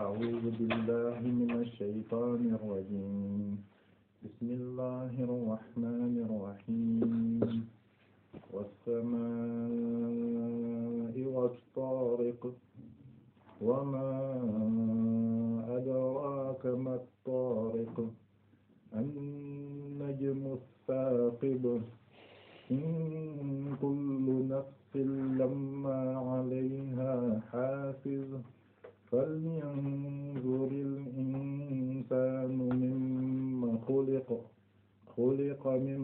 أعوذ بالله من الشيطان الرجيم بسم الله الرحمن الرحيم والسماء والطارق وما أدراك ما الطارق النجم الثاقب إن كل نفس لما عليها حافظ فلينظر الإنسان مما خلق خلق من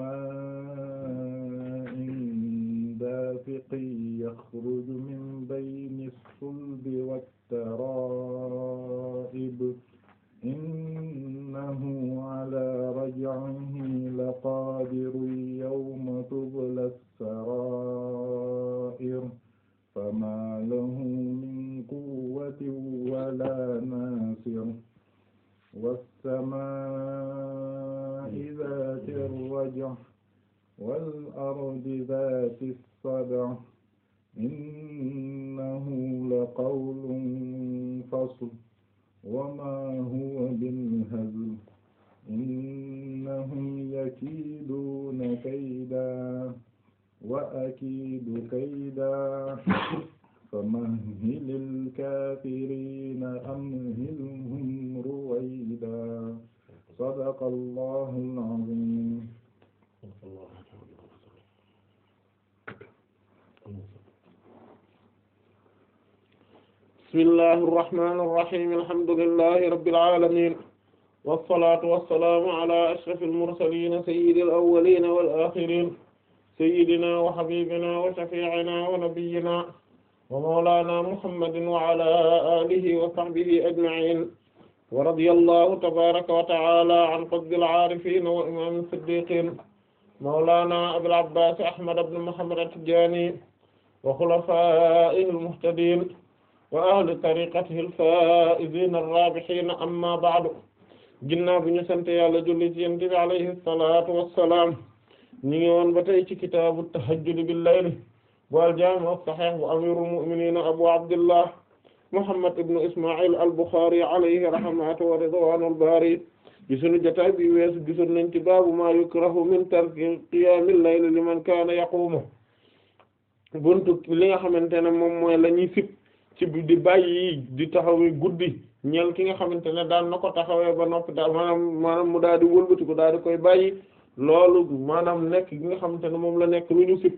ماء دافق يخرج من بين الصلب والترائب إنه على رجعه لقادر يوم تبلى السرائر والسماء ذات الرجع والأرض ذات الصدع إنه لقول فصل وما هو بالهزل إنهم يكيدون كيدا وأكيد كيدا famahhilil kaafiriina amhilhum ruwaydaa sadaqallaahul aziim bismillahi irrahmani irrahim alhamdulillahi rabbil aalamiin wassalaatu wassalaamu alaa ashrafil mursaliin sayyidil awwaliina wal aaxiriin sayyidinaa wa habiibinaa wa shafii'inaa wa nabiyyinaa wa mawlana muhammadin wa ala alihi wa sahbihi ajma'in wa radiyallahu tabaraka wa ta'ala an qutbil aarifin wa imam siddiqin mawlana abil abbas ahmad ibn muhammad at-tijani wa khulafa'ihi al-muhtadin wa ahli tariqatihi al-fa'izin ar-rabihin amma ba'du ginnaaw bi ñu sant yàlla julli ci yonent bi alayhi salatu wassalam ñu ngi woon ba tey ci kitaabu tahajjud bil layl bu al-Jaami' as-Sahiih bu amiirul mu'miniin Abu Abdillah Muhammad ibn Isma'il al-Bukhari alayhi rahmatu wa ridwaanul baari ci sunu jotaay bi weesu gisoon nañ ci baabu maa yukrahu min tarki qiyaamil layli man kaana yaquumu buntu li nga xamante ne moom mooy la ñuy sib ci di bàyyi di taxawee guddi ñeel ki nga xamante ne daal na ko taxawee ba noppi daal maanaam mu daal di wëlbati daal di koy bàyyi loolu maanaam nekk ki nga xamante ne moom la nekk lu ñu sib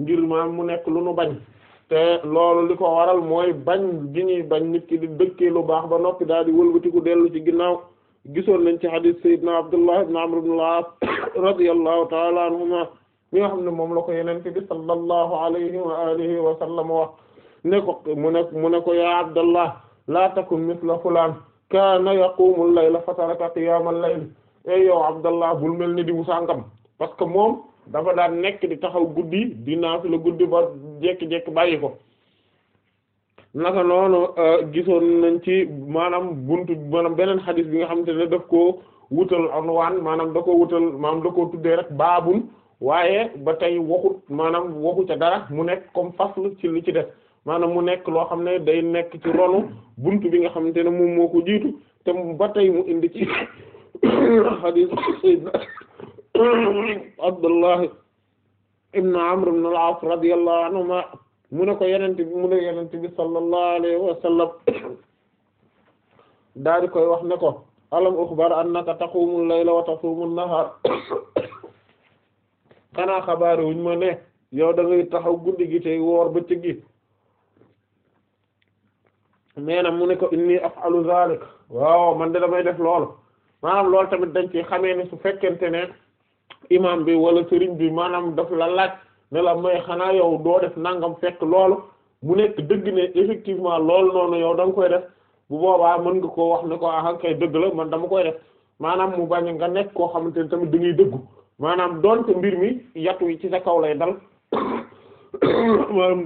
ngir maam mu nekk lu nu bañ te loolu li ko waral mooy bañ gi ñuy bañ nit ki di dëkkee lu baax ba noppi daal di wëlbatiku dellu ci ginnaaw gisoon lañ ci hadith sayyidina Abdullah ibn Amr ibn al-As radiyallahu ta'ala anhuma mi nga xam ne moom la ko yeneen te bi sallallahu alayhi wa alihi wa sallam wax ne ko mu ne mu ne ko yaa Abdallah la takun mithla fulaan kaana yaqumu al-layla fataraka qiyaama al-layl ay yow Abdallah bul mel ni diwu sàngam parce que moom dafa daan nekk di taxaw guddi dinaa naafi la guddi ba jekki-jekki bàyyi ko naka noonu euh, gisoon nañ ci maanaam buntu maanaam beneen xadis bi nga xamante ne daf koo wutal anwaan maanaam da ko wutal maanaam da koo tuddee rek baabul waaye ba tey waxut maanaam waxu ca dara mu nekk comme fasl ci li ci def maanaam mu nekk loo xam ne day nekk ci ronu buntu bi nga xamante ne moom moo ko jiitu te ba tey mu indi ci xadis Abdullahi ibn Amr ibn al-As radiyallahu anhuma mu ne ko yenente bi mu ne yenente bi sallallahu alayhi wa sallam daal koy wax ne ko alam ukhbar annaka taqumul layla wa tasumun nahar xanaa xabaari wuñ ma ne yow da ngay taxaw guddi gi tey woor bëccëg gi mais nag mu ne ko inni af'alu zalik waaw man de damay def loolu maanaam loolu tamit dañ ci xamee ne su fekkente ne imam bi wala sëriñ bi maanaam daf la laaj ne la may xanaa yow doo def nangam fekk loolu mu nekk dëgg ne effectivement lool noonu yow da nga koy def bu boobaa mën nga koo wax ne ko ah kay dëgg la man dama koy def maanaam mu bañ nga nekk koo xamante ne tamit da ngay dëggu maanaam doonte mbir mi yatu yi ci kaw lay dal maanaam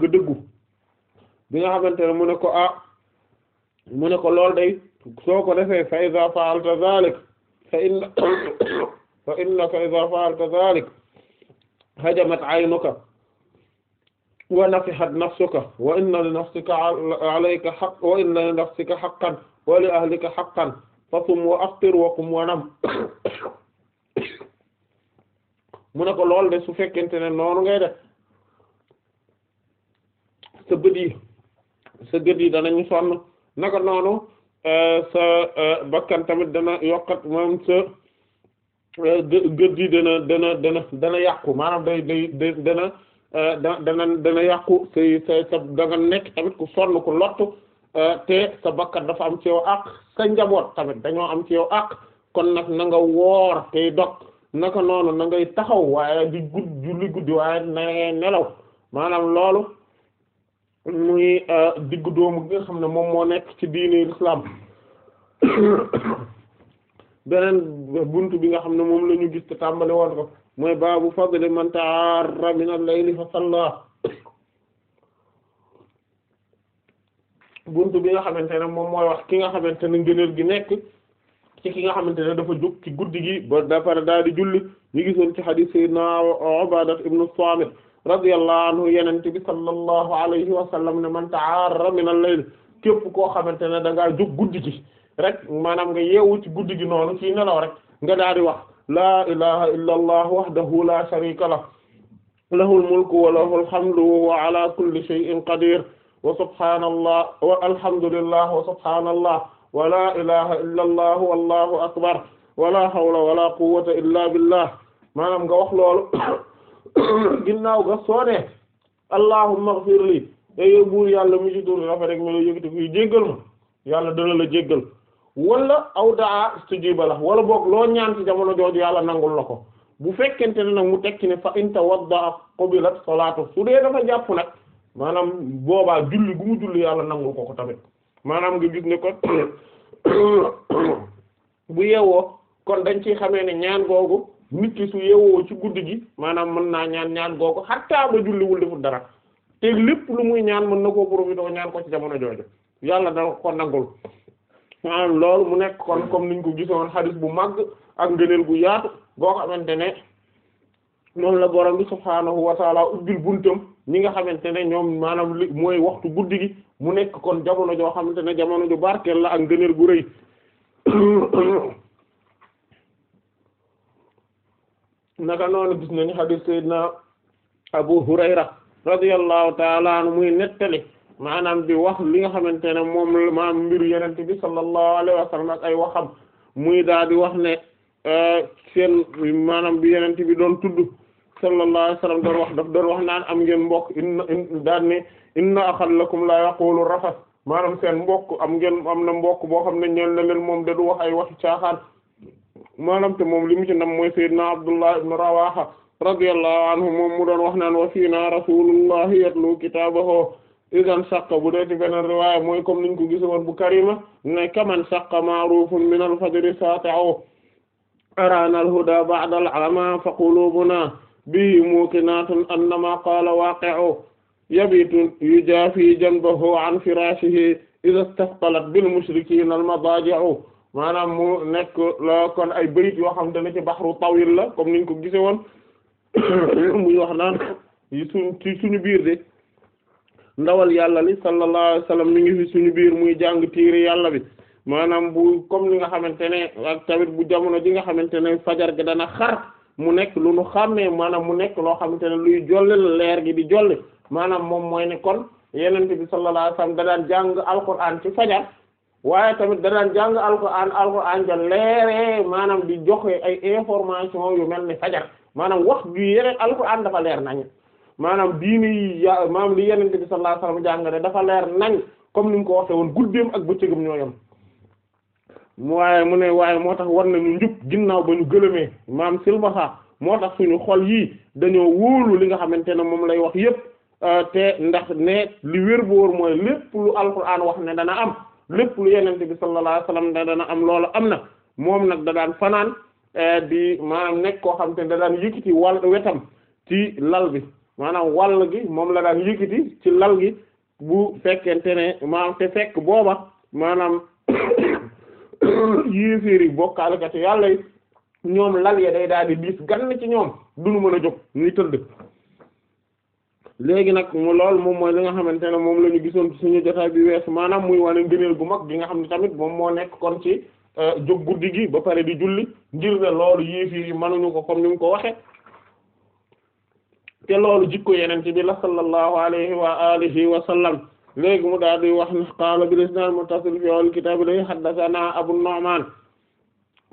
bi nga xamante ne mu ne ko ah mu ne ko lool day soo ko defee fa iza fa'alta zalik fa inna fa innaka idha fa'alta dhalik hajamat 'aynuka wa nafihat nafsuka wa li nafsika 'alayka ko lool de su fekkente ne noonu ngay def sa bët yi sa gët yi noonu eh, sa eh, dana yokkat moom sa Euh, gë gi dana dana dana dana yàqu maanaam day day euh, dana dana dana yàqu say say sa da nekk tamit ku sonn ku lott euh, te sa bakkat dafa am ci yow àq sa njaboot tamit dañoo am ci yow àq kon nag na nga woor tey dog naka noonu na ngay taxaw waaye di gudd julli guddi waaye na ngay nelaw maanaam loolu muy diggu doomu gi nga xam ne moom moo nekk ci diini islam beneen bunt bi nga xam ne moom la ñu gis te tàmbali woon ko mooy baabu fadli man ta'arra min al-layli fa salla buntu bi nga xamante ne moom mooy wax ki nga xamante ne ngëneel gi nekk ci ki nga xamante ne dafa jóg ci guddi gi ba da daal di julli ñu gisoon ci hadith a Ubadat ibn Samit radiyallahu anhu yenente bi sallallahu alayhi wa ne man ta'arra min al-layl képp koo xamante ne da ngaa jóg guddi gi rek maanaam nga yeewu ci guddi gi noonu ci nelaw rek nga daal wax laa ilaha illa allah wahdahu la sharika lah lahul mulku wa lahul hamdu wa ala kulli shay'in qadir wa subhanallah allah akbar wala hawla wala quwwata illa billah maanaam nga wax loolu ginnaaw ga soodee allahumma ighfir li ayo e buur yàlla mi ci tur rafet rek mi la yëkkati ma yàlla dana la jéggal wala aw daa istujiba bala wala boog loo ñaan ci jamono jooju yàlla nangul la ko bu fekkente ne nag mu tekki ne fa in tawadda qubilat salaatu su dee dafa jàpp nag maanaam boobaa julli gu mu julli yàlla nangul ko ko tamit maanaam nga gis ne kon bu yeewoo kon dañ ciy xamee ne ñaan googu nit ki su yeewoo ci guddi gi maanaam mën naa ñaan ñaan googu xattaa ba julliwul deful dara te lépp lu muy ñaan mën na koo profité ñaan ko ci jamono jooju yàlla da ko nangul maanaam loolu mu nekk kon comme niñ ko gisoon xadis bu màgg ak ngëneel gu yaatu boo xamante ne moom la borom bi subhaanahu wa buntam ñi nga xamante ne ñoom maanaam li mooy waxtu guddi gi mu nekk kon jamono joo xamante ne jamono ju barkeel la ak ngëneel gu rëy naka noonu gis nañu xadis sayyidina Abu Hurayra radiyallahu taala anhu muy nettali maanaam di wax li nga xamante ne moom maanaam mbir yenent bi sallallahu alayhi wa sallam ak ay waxam muy daal di wax ne euh, seen maanaam bi yenent bi doon tudd sallallahu alayhi wa sallam doon wax daf doon wax naan am ngeen mbokk inna daan ne inna yaqulu rafas maanaam seen mbokk am ngeen na mbokk boo xam ne ñeen na leen moom da du wax ay waxi caaxaan maanaam te moom li mu ci nam mooy sayyidna Abdullah ibn Rawaha radiyallahu anhu moom mu doon wax naan wa fiina rasulullahi yatlu kitaabahu idan sàqa bu dee ci beneen riwaaya mooy comme niñ ko gis woon bu karima ne kaman sàqa ma'rufun min al-fajri saati'u arana al-huda ba'da al-'ama fa qulubuna bihi muqinatun annama qala waqi'u yabitu yujafi janbahu an firashihi idha istafqalat bil mushrikina al-madaji'u maanaam mu nekk la kon ay bayit yoo xam ne ci baxru tawil la comme niñ ko gise woon muy wax naan suñ ci suñu biir de ndawal yàlla li sallallahu alayhi wasallam mi ngi fi suñu biir muy jàng tiir yàlla bi maanaam bu comme li nga xamante ne ak tamit bu jamono ji nga xamante ne fajar gi dana xar mu nekk lu nu xàmmee maanaam mu nekk loo xamante ne luy jolle la leer gi di jolle maanaam moom mooy ne kon yenente bi sallallahu alayhi wasallam da daan jàng alquran ci fajar waaye tamit da daan jàng alquran alquran ja leeree maanaam di joxe ay information yu mel ni fajar maanaam wax ju yeneen alquran dafa leer nañu maanaam diine yi ya maanaam li yenente bi sallallahu alayhi wasallam dafa leer nañ comme ni mu ko waxee woon guddeem ak bëccëgam ñoo yem waaye mu ne waaye moo tax war nañu njub ginnaaw ba ñu gëlëmee maam silmaxa moo tax suñu xol yii dañoo wóolu li nga xamante ne moom lay wax yépp euh, te ndax ne li wér bu wóor mooy lépp lu alxuraan wax ne dana am lépp lu yenente bi sallallahu alayhi wasallam ne dana am loolu am na moom nag da daan fanaan euh, di maanaam nekk koo xam te ne da daan yëkkati wal wetam ci lal bi maanaam wàll gi moom la daan yëkkati ci lal gi bu fekkente ne maanaam te fekk booba maanaam yéeféer yi bokkaalekatu yàlla yi ñoom lal ya dey daal di diis gann ci ñoom duñu mën a jóg ñuy tëdd léegi nag mu lool moom mooy li nga xamante ne moom la ñu gisoon suñu jotaay bi weesu maanaam muy wane ngëneel gu mag gi nga xam ne tamit moom moo nekk kon ci euh, jóg guddi gi ba pare di julli ngir ne loolu yéeféer yi mënuñu ko comme ni mu ko waxe te loolu jikko yeneen ci bi la sallallahu alayhi wa alihi wa sallam léegi mu daal wax ne qaala bil isnaad muttasil fi al kitaab li haddathana abu nu'man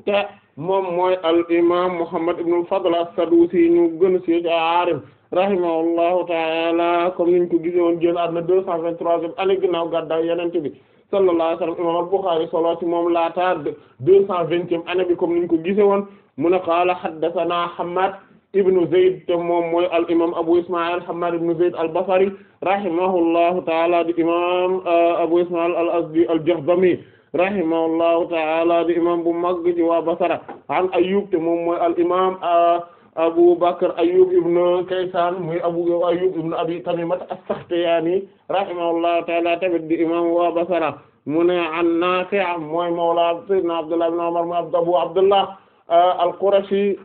te moom mooy al imam muhammad ibn al fadl as-sadusi ñu a ci aarif rahimahullahu ta'ala comme niñ ko gisee woon jël adna deux cent vingt-troisième année ginnaaw gàddaay yeneen bi sallallahu alayhi wa imam al-Bukhari solo ci deux cent vingtième année bi comme niñ ko gisee woon mu ne qaala haddathana hammad ibnu Zayd te moom mooy al imam Abu Isma'il Hammad ibnu Zayd al Basri rahimahullahu ta'ala di imam euh, Abu Isma'il al Azdi al Jahdami rahimahullahu ta'ala di imam bu mag ci waa Basra an Ayyub te moom mooy al imam euh, Abu Bakr Ayyub ibnu Kaysan muy Abu Ayyub ibnu Abi Tamimata as-Sakhtiyani rahimahullahu ta'ala tamit di imam waa Basra mu ne an Nafi' mooy mawla Sayyidina Abdullah ibn Umar mu Abu Abdullah al-Qurashi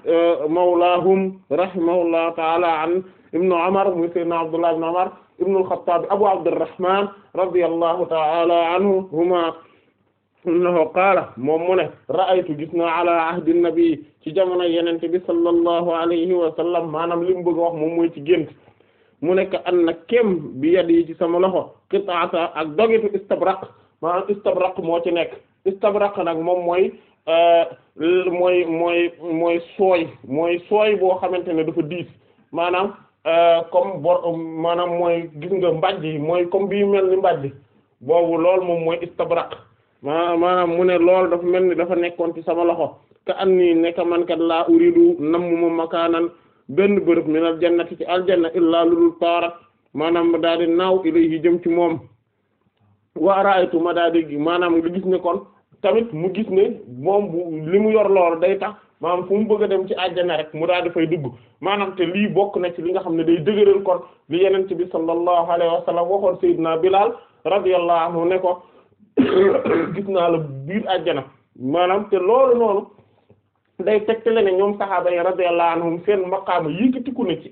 mawlaahum rahimahullahu ta'ala an ibnu Umar muy sayyidina Abdullah ibn Umar ibn al-Khattab Abu Abdurrahman radiyallahu ta'ala anhuma innahu qaala moom mu ne ra'aytu gis naa ala ahdi nabi ci jamono yenente bi sallallahu alayhi wa sallam maanaam li mu bëgg a wax moom mooy ci gént mu nekk an na kem bi yad yi ci sama loxo qit'ata ak dogitu istabraq maanaam istabraq moo ci nekk istabraq nag moom mooy Euh, mooy mooy mooy sooy mooy sooy boo xamante ne dafa diis maanaam euh, comme bor maanaam mooy gis nga mbàjj yi mooy comme bii mel ni mbàjj boobu lool moom mooy istabraq ma maanaam mu ne lool dafa mel ni dafa nekkoon ci sama loxo ka am nii nekka man kat laa uridu nam mu makaanan benn bërëb minal jannati ci aljanna illaa ludul taarat maanaam ma daal naaw ilayhi jëm ci moom wa ra'aytu ma daal maanaam nga gis ne tamit mu gis ne moom bu li mu yor loolu day tax maanaam fu mu bëgg a dem ci àjjana rek mu daal dafay dugg maanaam te lii bokk na ci li nga xam ne day dëgëral kon li yeneen ci bi sallallahu alayhi wa sallam waxoon Seydina Bilal radiyallahu anhu ne ko gis naa la biir àjjana maanaam te loolu noonu day tegtale ne ñoom saxaaba yi radiyallahu anhum seen maqaama yëkkatiku ne ci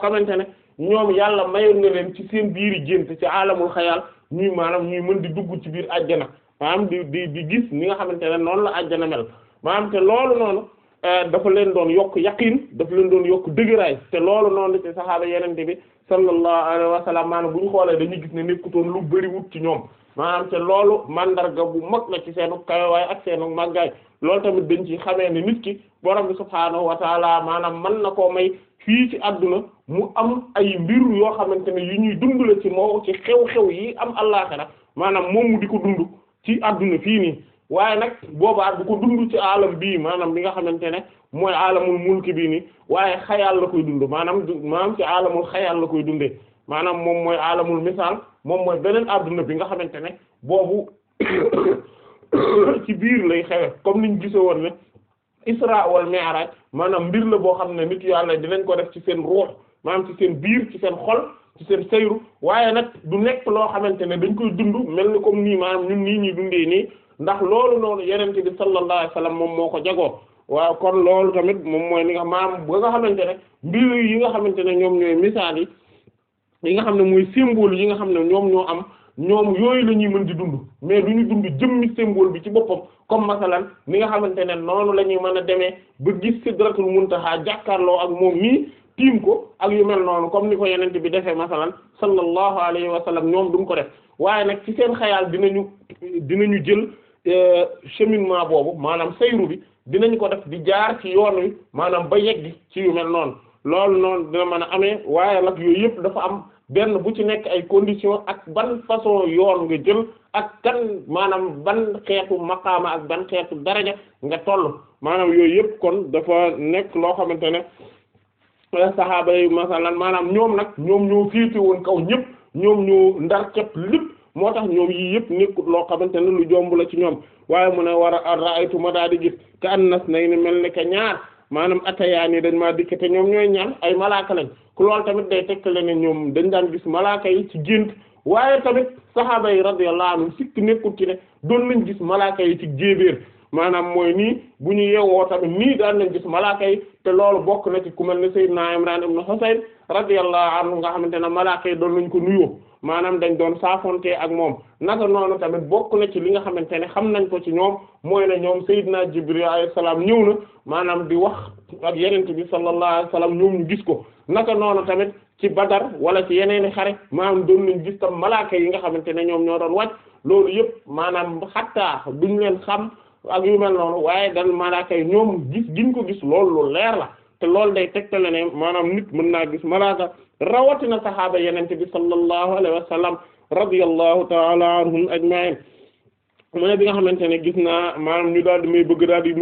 xamante ne ñoom yàlla mayoon na leen ci seen biiri gént ci alamul xayaal ñuy maanaam ñuy mën di dugg ci biir àjjana maanaam di di di gis ni nga xamante ne noonu la àjjana mel maanaam te loolu noonu eh, dafa leen doon yokk yaqiin dafa leen doon yokk dëgëraay te loolu noonu ci saxaaba yenente bi sallallahu alayhi wa sallam maanaam bu ñu xoolee dañuy gis ne nekkutoon lu bari wut ñoom maanaam loolu mandarga bu mag la ci seenu kayowaay ak seenu màggaay loolu tamit dañ ci xamee ne nit ki borom bi subhaanahu wa taala maanaam mën na koo may fii ci àdduna mu am ay mbir yoo xamante ne yu ñuy dund la ci moo ci xew-xew yi am àllaaxira maanaam moom mu di ko dund ci àdduna fii nii waaye nag boobu du ko dund ci alam bii maanaam bi nga xamante ne mooy alamul mulki bii nii waaye xayal la koy dund maanaam maanaam ci alamul xayal la koy dundee maanaam moom mooy alamul misaal moom mooy beneen adduna bi nga xamante ne boobu ci biir lay xewe comme niñ gisoo woon ne isra wal mi'raj maanaam mbir la boo xam ne nit yàlla dinañ ko def ci seen ruux maanaam ci seen biir ci seen xol ci seen sayru waaye nag du nekk loo xamante ne dañ koy dund mel ni comme nii maanaam ñun nii ñuy dundee nii ndax loolu noonu yenente bi sallallahu alayhi moom moo ko jagoo waaw kon loolu tamit moom mooy li nga maam ba nga xamante ne mbir yi nga xamante ne ñoom ñooy misaal yi yi nga xam ne muy symbole yi nga xam ne ñoom ñoo am ñoom yooyu la ñuy mën di dund mais du ñu dund jëmmi symbole bi ci boppam comme masalan ni nga xamante ne noonu la ñuy mën a demee ba gis sidratul muntaha jàkkaarloo ak moom nii tiim ko ak yu mel noonu comme ni ko yeneen bi defee masalan sallallahu alayhi wa sallam ñoom duñ ko def waaye nag ci seen xayaal dinañu dinañu jël euh, cheminement boobu maanaam sayru bi dinañ ko def di jaar ci yoon wi maanaam ba yegg ci yu mel noonu loolu noonu dina mën a amee waaye nag yooyu yëpp dafa am benn bu ci nekk ay condition ak ban façon yoon nga jël ak kan maanaam ban xeetu maqaama ak ban xeetu daraja nga toll maanaam yooyu yëpp kon dafa nekk loo xamante ne saxaaba yi masalan maanaam ñoom nag ñoom ñoo féete woon kaw ñëpp ñoom ñoo ndar képp lépp moo tax ñoom yii yëpp nekkut loo xamante ne lu jomb la ci ñoom waaye mu ne war a ra'aytu ma daal di gis ka annas na ni mel ni ñaar maanaam atayaan yi dañ ma dikk te ñoom ñooy ñaan ay malaaka lañ ku loolu tamit day tegtale ne ñoom dañ daan gis malaaka yi ci gént waaye tamit saxaaba yi radiyallahu anhum sikk nekkut ci ne doon lañ gis malaaka yi ci jéebéer maanaam mooy nii bu ñu yeewoo tamit nii daan nañ gis malaaka yi te loolu bokk na ci ku mel ne Seydina Imran ibn Husayn radiyallahu anhu nga xamante ne malaaka yi doon nañ ko nuyoo maanaam dañ doon saafonte ak moom naka noonu tamit bokk na ci li nga xamante ne xam nañ ko ci ñoom mooy ne ñoom Seydina Jibril alayhi salaam ñëw na maanaam di wax ak yenente bi sallallahu alayhi wasallam ñoom ñu gis ko naka noonu tamit ci Badar wala ci yeneen yeneeni xare maanaam doon nañ gis tam malaaka yi nga xamante ne ñoom ñoo doon wàcc loolu yëpp maanaam xattaa duñ leen xam ak yu mel waaye dal malaaka yi ñoom gis giñ ko gis loolu leer la te loolu day teg tegtale ne maanaam nit mën naa gis malaaka rawatina saxaaba yenente bi sallallahu alayhi wa sallam radiyallahu ta'ala anhum ajma'in mu ne bi nga xamante ne gis naa maanaam ñu daal di may bëgg daal di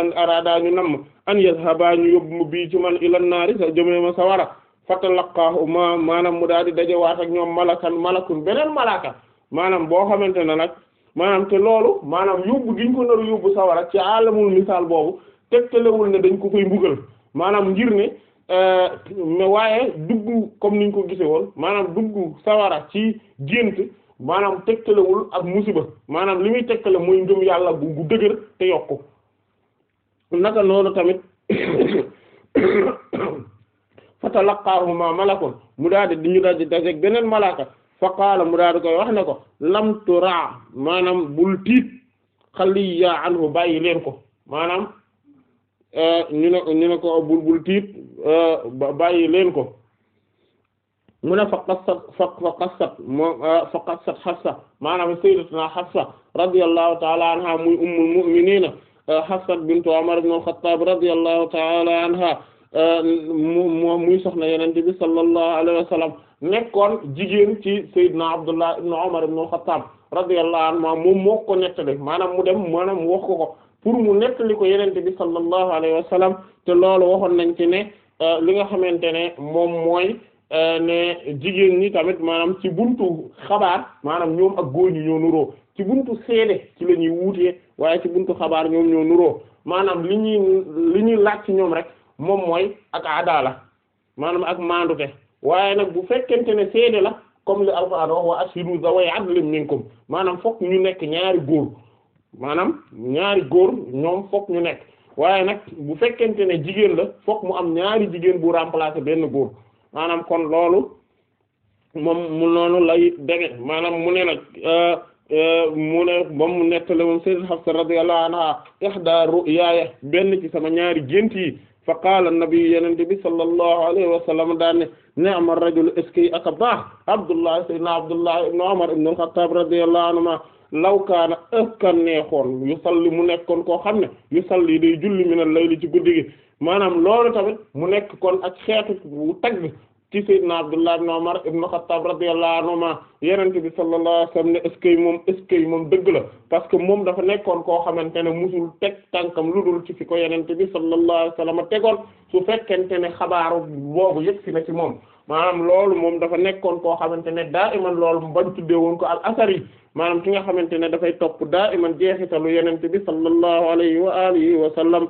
an araada ñu namm an yazhaba ñu yóbbu ma bii ci man ilan naari sa jëmee ma sawara fatalaqaahu ma maanaam mu daal di dajewaat ak ñoom malakan malakun beneen malaaka maanaam boo xamante ne nag maanaam te loolu maanaam yóbbu gi ñu ko naru yóbbu sawara ci alamul misaal boobu tegtalewul ne dañ ko koy mbugal maanaam ngir euh, ne waaye dugg comme niñ ko gisee woon maanaam dugg sawara ci gént maanaam tegtalewul ak musiba maanaam li muy tegtale mooy ngëm yàlla bu gu dëgër te yokku naka noonu tamit fatalaqaahuma malakun mu daal di ñu daal di beneen malaaka fa qaala mu daal di koy wax ne ko lam tura maanaam bul tiit xaliya anhu bàyyi leen ko maanaam eh, ñu ne ñu ne ko bul bul tiit eh, bàyyi leen ko mu ne fa qassat fa fa qassat moom eh, fa qassat Hafsa maanaam sayyidatuna Hafsa radiyallahu ta'ala anha muy ummul mu'minina Hafsa bintu Umar ibn al-Khattab radiyallahu ta'ala anha moom muy soxna Yonent bi sallallahu alayhi wa sallam nekkoon jigéen ci Seydina Abdullah ibn Umar ibn Khattab radiyallahu anhu moom moo ko nettali maanaam mu dem maanaam mu wax ko ko pour mu nettali ko yeneen Yonent bi sallallahu alayhi wa sallam te loolu waxoon nañ ci ne euh, li nga xamante ne moom mooy euh, ne jigéen ñi tamit maanaam ci buntu xabaar maanaam ñoom ak góor ñi ñoo nuroo ci buntu seede ci la ñuy wuutee waaye ci buntu xabaar ñoom ñoo nuroo maanaam li ñuy li ñuy laaj ci ñoom rek moom mooy ak adala maanaam ak maandute waaye nag bu fekkente ne seede la comme li alquran wax wa ashidu zaway adlin minkum maanaam ñu nekk ñaari góor maanaam ñaari góor ñoom fokk ñu nekk waaye nag bu fekkente ne jigéen la fokk mu am ñaari jigéen bu remplacer benn góor maanaam kon loolu moom mu noonu lay dege maanaam mu ne nag euh, euh, mu ne moom mu nettale moom sayyid Hafsa radiyallahu anha ihda ru'yaya ci sama ñaari gént yi fa qaala nabi yenente bi sallallahu alayhi wa sallam daanne ni'ma rajul est-ce que aka baax abdullah sayyidina abdullah ibn umar ibn al-khattab radiyallahu anhuma law kaana ëkkan neexoon yu salli mu nekk kon koo xam ne yu salli day julli min al-layli ci guddi gi maanaam loolu tamit mu nekk kon ak xeetu bu tagg ci na Abdullah ibn Umar ibn Khattab radiyallahu anhuma yenente bi sallallahu alayhi wasallam ne est-ce que moom est-ce moom dëgg la parce que moom dafa nekkoon koo xamante ne musul teg tànkam lu dul ci fi ko yenente bi sallallahu alayhi wasallam tegoon su fekkente ne xabaaru boobu yëg si na ci moom maanaam loolu moom dafa nekkoon koo xamante ne daa iman loolu bañ tuddee woon ko al asari maanaam ki nga xamante ne dafay topp daa iman jeexitalu yenente bi sallallahu alayhi wa alihi wa sallam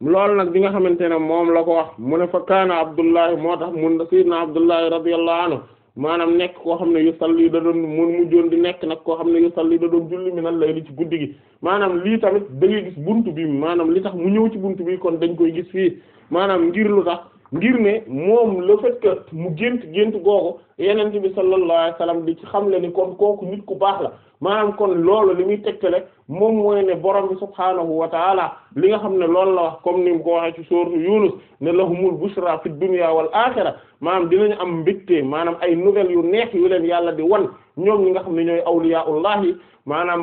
loolu nag bi nga xamante ne moom la ko wax mu ne fa kaana abdullahi moo tax mun na sayyidna abdullahi radiyallahu anhu maanaam nekk koo xam ne yu salli da doon mun di nekk nag koo xam ne yu salli da doon julli mi nan lay li ci guddi gi maanaam lii tamit da ngay bi maanaam li tax mu ñëw ci buntu bi kon dañ koy gis fii maanaam ngir lu tax ngir ne moom le fait mu gént gént googu yenente bi sallallahu alayhi wasallam di ci xamle ni kon kooku nit ku baax la maanaam kon loolu li muy tegtale moom mooy ne borom bi subhaanahu wa taala li nga xam ne loolu la wax comme ni mu ko waxee ci sourate Yunus ne lahumul bushra fid dunya wal axira maanaam dinañu am mbégte maanaam ay nouvelles yu neex yu leen yàlla di wan ñoom ñi nga xam ne ñooy awliyaullah yi maanaam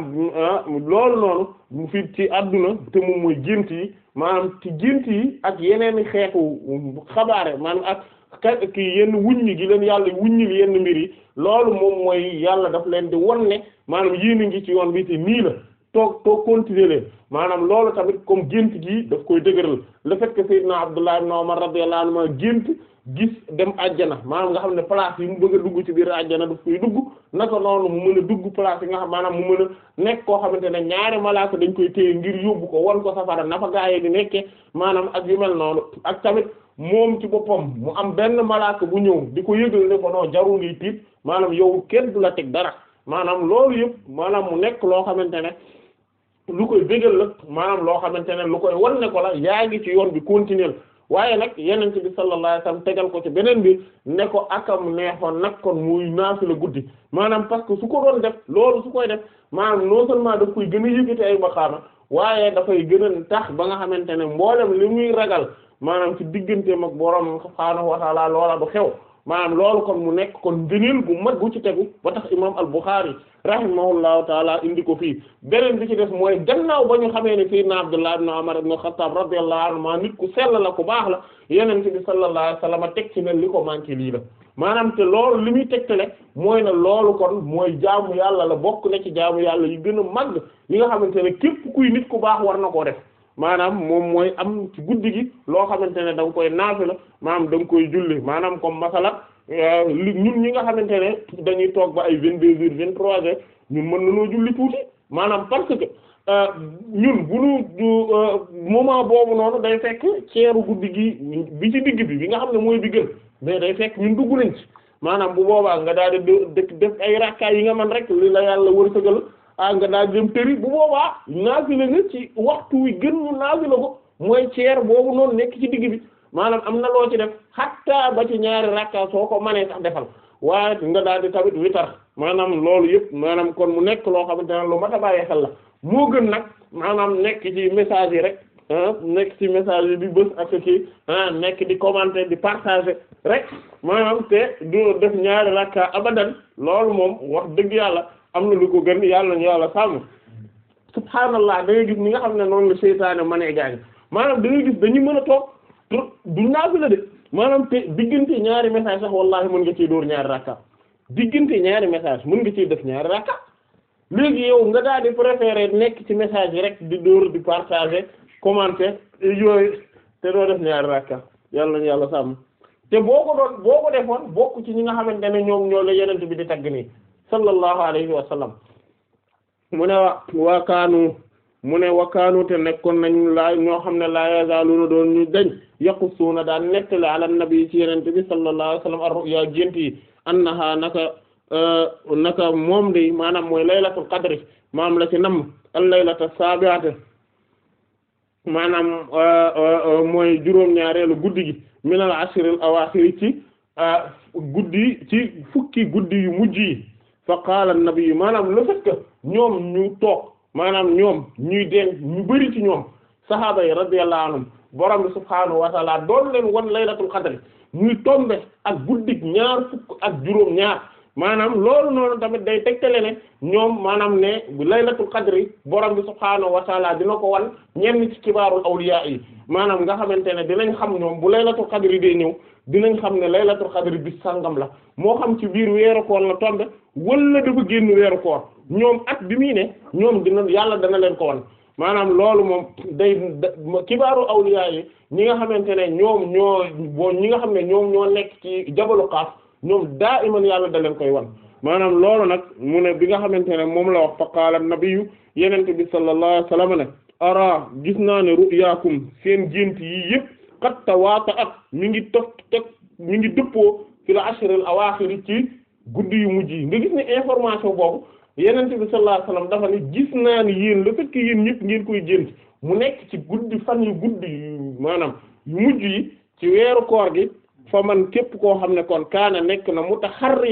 ah loolu noonu mu fii ci adduna te moom muy gént yi maanaam ci gént yi ak yeneen xeetu xabaare maanaam ak kii yenn wuññi gi leen yàlla wuññil yenn mbir yi loolu moom mooy yàlla daf leen di won ne maanaam yéen a ngi ci yoon bi te nii la toog toog continuer leen maanaam loolu tamit comme gént gi daf koy dëgëral le fait que Seydina Abdullah ibn Umar radiyallahu anhuma gént gis dem ajjana maanaam nga xam ne place yi mu bëgg a dugg ci biir àjjana daf koy dugg naka noonu mu mën a dugg place yi nga xam maanaam mu mën a nekk koo xamante ne ñaari malaaka dañ koy téye ngir yóbbu ko won ko safara nafa gaaye di nekkee maanaam ak yu mel noonu ak tamit moom ci boppam mu am benn malaaka bu ñëw di ko yëgal ne ko non jarul maanaam yow kenn du la teg dara maanaam loolu yëpp maanaam mu nekk loo xamante ne lu koy bégal la maanaam loo xamante ne lu koy wan ne ko la yaa ngi ci yoon bi continuer waaye nag yeneen bi sallallahu alayhi tegal ko ci beneen bi ne ko akam neexoon nag kon muy naafila guddi maanaam parce que su ko doon def loolu su koy def maanaam non seulement daf koy gën a yëkkati ay maqaama waaye dafay gën a tax ba nga xamante ne mboolem li muy ragal maanaam ci diggante ak borom subhaanahu wa ta'ala loola du xew maanaam loolu kon mu nekk kon ngëneel gu mag gu ci tegu ba tax imam al-Bukhari rahimahullahu taala indi ko fii beneen bi ci def mooy gannaaw ba ñu xamee ne sayyidina Abdullah ibn Umar ibn Khattab radiyallahu anhuma nit ku sell la ku baax la yeneen bi sallallahu alayhi teg ci ne li ko manqué lii la maanaam te loolu li muy tegtale mooy na loolu kon mooy jaamu yàlla la bokk na ci jaamu yàlla yu gën a mag yi nga xamante ne képp kuy nit ku baax war na koo def maanaam moom mooy am ci guddi gi loo xamante ne da nga koy naafila maanaam da nga koy julli maanaam comme masala euh, li ñun ñi nga xamante ne dañuy toog ba ay vingt deux heures vingt trois heures ñun na nañoo julli tuuti maanaam parce que euh, ñun bu ñu euh, moment boobu noonu day fekk ceeru guddi gi bi ci digg bi bi nga xam ne mooy bi gën mais day fekk ñun dugg nañ maanaam bu boobaa nga daal di def ay rakkaay yi nga man rek li la yàlla wërsëgal ah nga daal dem tëri bu boobaa naafila nga ci waxtu wi gën ñu la ko mooy ceer boobu noonu nekk ci digg bi maanaam am na loo ci def xatta ba ci ñaari rakka soo ko manee tax defal waaye nga daal di tamit witar maanaam loolu yëpp maanaam kon mu nekk loo xamante ne lu mat a bàyyi xel la moo gën nag maanaam nekk ci message yi rek ah, nekk ci message yi di bës ak ci ah, nekk di commenter di partager rek maanaam te du def ñaari rakka abadan loolu moom wax dëgg yàlla am na lu ko gën yàlla nañu yàlla sàmm subhaanallah da ngay gis ñi nga xam ne noonu la seytaane manee gaañ maanaam da ngay gis dañuy mën a toog du naafila de maanaam te diggante ñaari message sax wallahi mën nga ciy dóor ñaari rakka diggante ñaari message mën nga ciy def ñaari rakka léegi yow nga daal di préférer nekk ci message yi rek di dóor di partager commenter yooyu te doo def ñaari rakka yàlla nañu yàlla sàmm te boo ko doon boo ko defoon bokk ci ñi nga xamante ne ñoom ñoo la yenent di tagg sallallahu alayhi wa sallam mu ne waakaanu mu ne wakaanu te nekkoon nañ laa ñoo xam ne laa yazaaluuna doon ñu dañ yaqussuuna daan nettale ala nabi ci yenente bi sallallahu alayhi wa sallam ar-ru'ya gént euh, naka moom de maanaam mooy laylatul qadri maam la ci nam al laylata sabi'ata maanaam euh, euh, mooy juróom-ñaareelu guddi gi min ashril awaaxir ci fukki guddi yu mujj yi fa qaala nabi maanaam le fait que ñoom ñu toog maanaam ñoom ñuy denc ñu bari ci ñoom sahaaba yi radiyallahu anhum borom bi subhaanahu wa ta'ala doon leen wan laylatul qadr muy tombe ak guddik ñaar fukk ak juróom ñaar maanaam loolu noonu tamit day tegtale ne ñoom maanaam ne laylatul qadri borom bi subhaanahu wa taala dina ko wan ñenn ci kibaarul awliya yi maanaam nga xamante ne dinañ xam ñoom bu laylatul qadri day ñëw dinañ xam ne laylatul qadri bis sangam la moo xam ci biir weeru koor la tombe wala dafa génn weeru koor ñoom at bi muy ne ñoom dina yàlla dana leen ko wan maanaam loolu moom day kibaaru awliya yi ñi nga xamante ne ñoom ñoo ñi nga xam ne ñoom ñoo nekk ci jabalu xaaf ñoom daa iman yàlla daleen leen koy wan maanaam loolu nag mu ne bi nga xamante ne moom la wax fa qaala nabiyu yenente bi sallallahu alayhi wa sallam ne ara gis naa ne ru'yaakum seen gént yi yëpp qad tawaata'at mi ngi tof teg ñu ngi dëppoo fil la al awaaxir ci guddi yu mujj yi nga gis ne information boobu yenente bi sallallahu alayhi dafa ne gis naa ne yéen le fait que yéen ñëpp ngeen koy gént mu nekk ci guddi fan yu guddi yu maanaam yu mujj yi ci weeru koor gi fa man képp koo xam ne kon kaana nekk na mu tax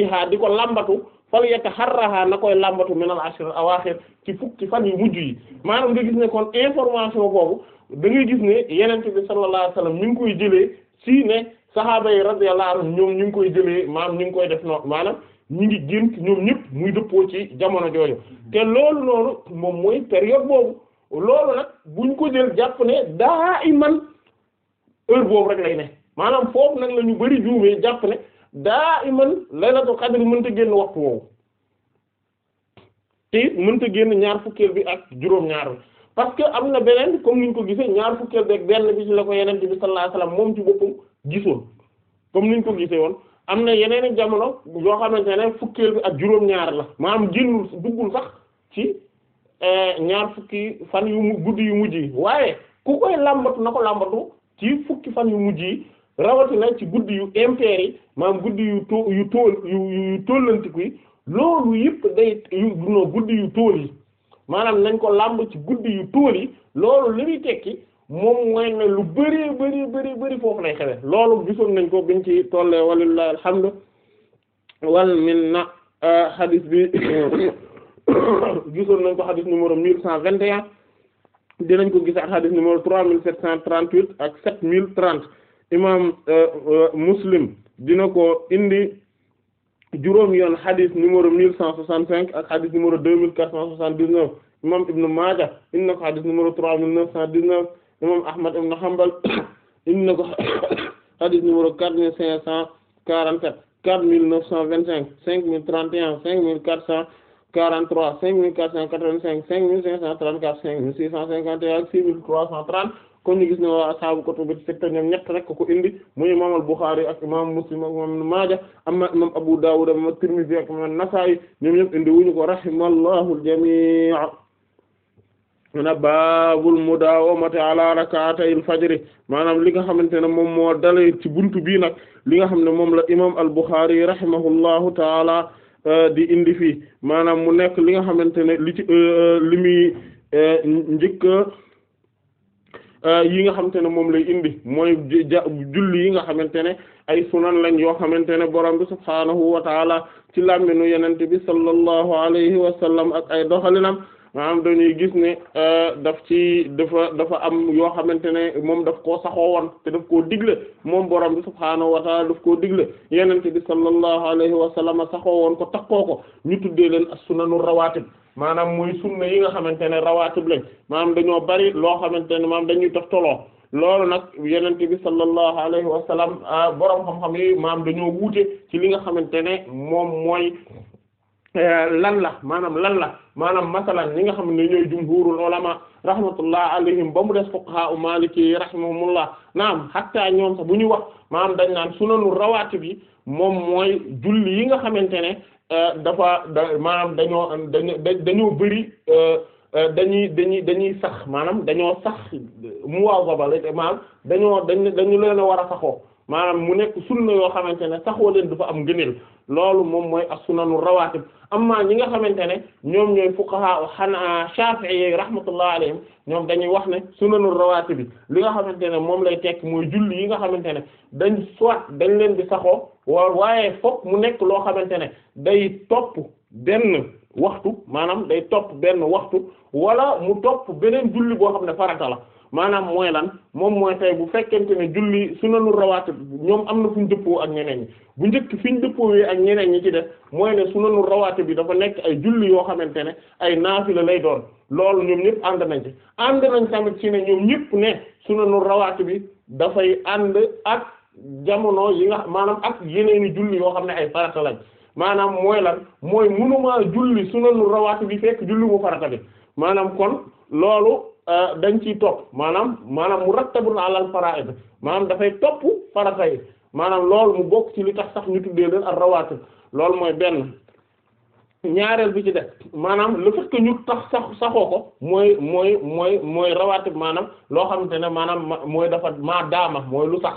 xaa di ko lambatu fal yekk xarrahaa na koy lambatu minal ashr awaaxir ci fukki fan yu mujj yi maanaam nga gis ne kon information boobu da ngay gis ne yenent bi sallallahu alayhi wasallam ñu ngi koy jëlee si ne sahaaba yi radiyallahu anhum ñoom ñu koy jëlee maanaam ñu ngi koy def noonu maanaam ñu ngi gént ñoom ñëpp muy dëppoo ci jamono jooju te loolu noonu moom mooy période boobu loolu nag buñ ko jël jàpp ne daa iman heure boobu rek lay ne maanaam foofu nag la ñu bari juumee jàpp ne daa iman laylatul qadr mënta génn waxtu woowu te it mënta génn ñaar fukkeel bi ak juróom-ñaar bi parce que am na beneen comme niñ ko gisee ñaar fukkeel bi ak bi ci la ko yeneen bi moom ci boppam gisoon comme niñ woon am na yeneen jamono yoo xamante ne fukkeel bi ak juróom-ñaar la maanaam génnul duggul sax ci eh, ñaar fukki fan yu mu guddi yu mujj yi waaye ku koy làmbatu na ko làmbatu ci fukki fan yu mujj yi rawatina ci guddi yu impair yi maanaam guddi yu tool yu tóol yu yu yi loolu yëpp day yu non guddi yu tóol yi maanaam nañ ko làmb ci guddi yu tóol yi loolu li muy tekki moom mooy ne lu bëree bëri bëri bëri foofu lay xewe loolu gisoon nañ ko biñ ci tollee walillahi alhamdu wal minna euh, hadith bi gisoon nañ ko hadith numéro mille cent vingt et un dinañ ko gisaat hadith numéro trois mille sept cent trente-huit ak sept mille trente imaam euh, euh, Muslim dina ko indi juróom yoon xadis numéro cent soixante-cinq ak xadis deux mille quatre cent dix neuf imaam Ibn Maaja indi na ko xadis numéro trois mille neuf cent dix-neuf imaam Ahmad ibn Hanbal indi na ko xadis numéro quatre mille cinq cent quarante-sept quatre mille neuf cent vingt-cinq cinq mille trente et un cinq mille quatre cent 43 5485 5534 5651 ak 6330 kon ñu gis ne waa ashaabu kutubu sitta ñoom ñett rek ko indi muy imam al-Bukhari ak imam Muslim ak imam Maaja amma imam Abu Dawud imam Tirmidhi ak imam Nasa'i ñoom ñëpp indi wuñu ko rahimallahu al-jami' na baabul mudaawamati ala rak'atay al-fajr maanaam li nga xamante ne moom moo dalee ci buntu bii nag li nga xam ne moom la imam al-Bukhari rahimahullahu taala euh, di indi fii maanaam mu nekk li nga xamante ne li ci euh, li muy euh, njëkk Euh, yii nga xamante ne moom lay indi mooy julli yi nga xamante ne ay sunan lañ yoo xamante ne borom bi subhaanahu wa taala ci làmminu yenente bi sallallahu alayhi wa sallam ak ay doxalinam maanaam dañuy gis ne euh, daf ci dafa dafa am yoo xamante ne moom daf koo saxoo woon te daf koo digle moom borom bi subhaanahu wa taala daf koo digle yenente bi sallallahu alayhi wa sallam saxoo woon ko takkoo ko ñu tuddeeleen leen as sunanur maanaam muy sunna yi nga xamante ne rawaatib lañ maanaam dañoo bari loo xamante ne maanaam dañuy tox toloo loolu nag yenente bi sallallahu alayhi wa sallam boroom xam-xam yi maanaam dañoo wuute ci li nga xamante ne moom mooy e, lan la maanaam lan la maanaam masalan ñi nga xam ne ñooy jumhurul ulama rahmatullah alayhim ba mu des fuqaha u maliki rahimahumullah naam hatta ñoom sax bu ñuy wax maanaam dañ naan sunanu rawaatib moom mooy julli yi nga xamante ne Euh, dafa da maanaam dañoo dañoo dañoo bëri euh, euh, dañuy dañuy dañuy sax maanaam dañoo sax mu waaw ba maanaam dañoo dañ dañu leen a war a saxoo maanaam mu nekk sunna yoo xamante ne saxoo leen dafa am gëneel loolu moom mooy as sunanu am amma ñi nga xamante ne ñoom ñooy fuqaha xanaa ah, shafi'i rahmatullah alayhim ñoom dañuy wax ne sunanu rawaatib bi li nga xamante ne moom lay tekk mooy julli yi nga xamante ne dañ soit dañ leen di saxoo wa waaye fokk mu nekk loo xamante ne day topp benn waxtu maanaam day topp benn waxtu wala mu topp beneen julli boo xam ne farata la maanaam mooy lan moom mooy tey bu fekkente ne julli sunanu rawaatib ñoom am na fu ñu dëppoo ak ñeneen ñi bu njëkk fi ñu dëppoo wi ak ñeneen ñi ci def mooy ne sunanu rawaatib bi dafa nekk ay julli yoo xamante ne ay naafila lay doon loolu ñoom ñëpp ànd nañ ànd nañ tamit ci ne ñoom ñëpp ne sunanu rawaatib bi dafay ànd ak jamono yi nga maanaam ak yeneeni julli yoo xam ne ay farata lañ maanaam mooy lan mooy mënumaa julli sunanu rawaatib bi fekk julli mu farata bi maanaam kon loolu Euh, dañ ciy topp maanaam maanaam mu rattabun alal bi maanaam dafay topp farata yi maanaam loolu mu bokk ci li tax sax ñu tuddee leen ak rawaatib loolu mooy benn ñaareel bi ci de maanaam le fait ñu tax sax saxoo ko mooy mooy mooy mooy rawaatib maanaam loo xamante ne maanaam mooy dafa maa daama mooy lu sax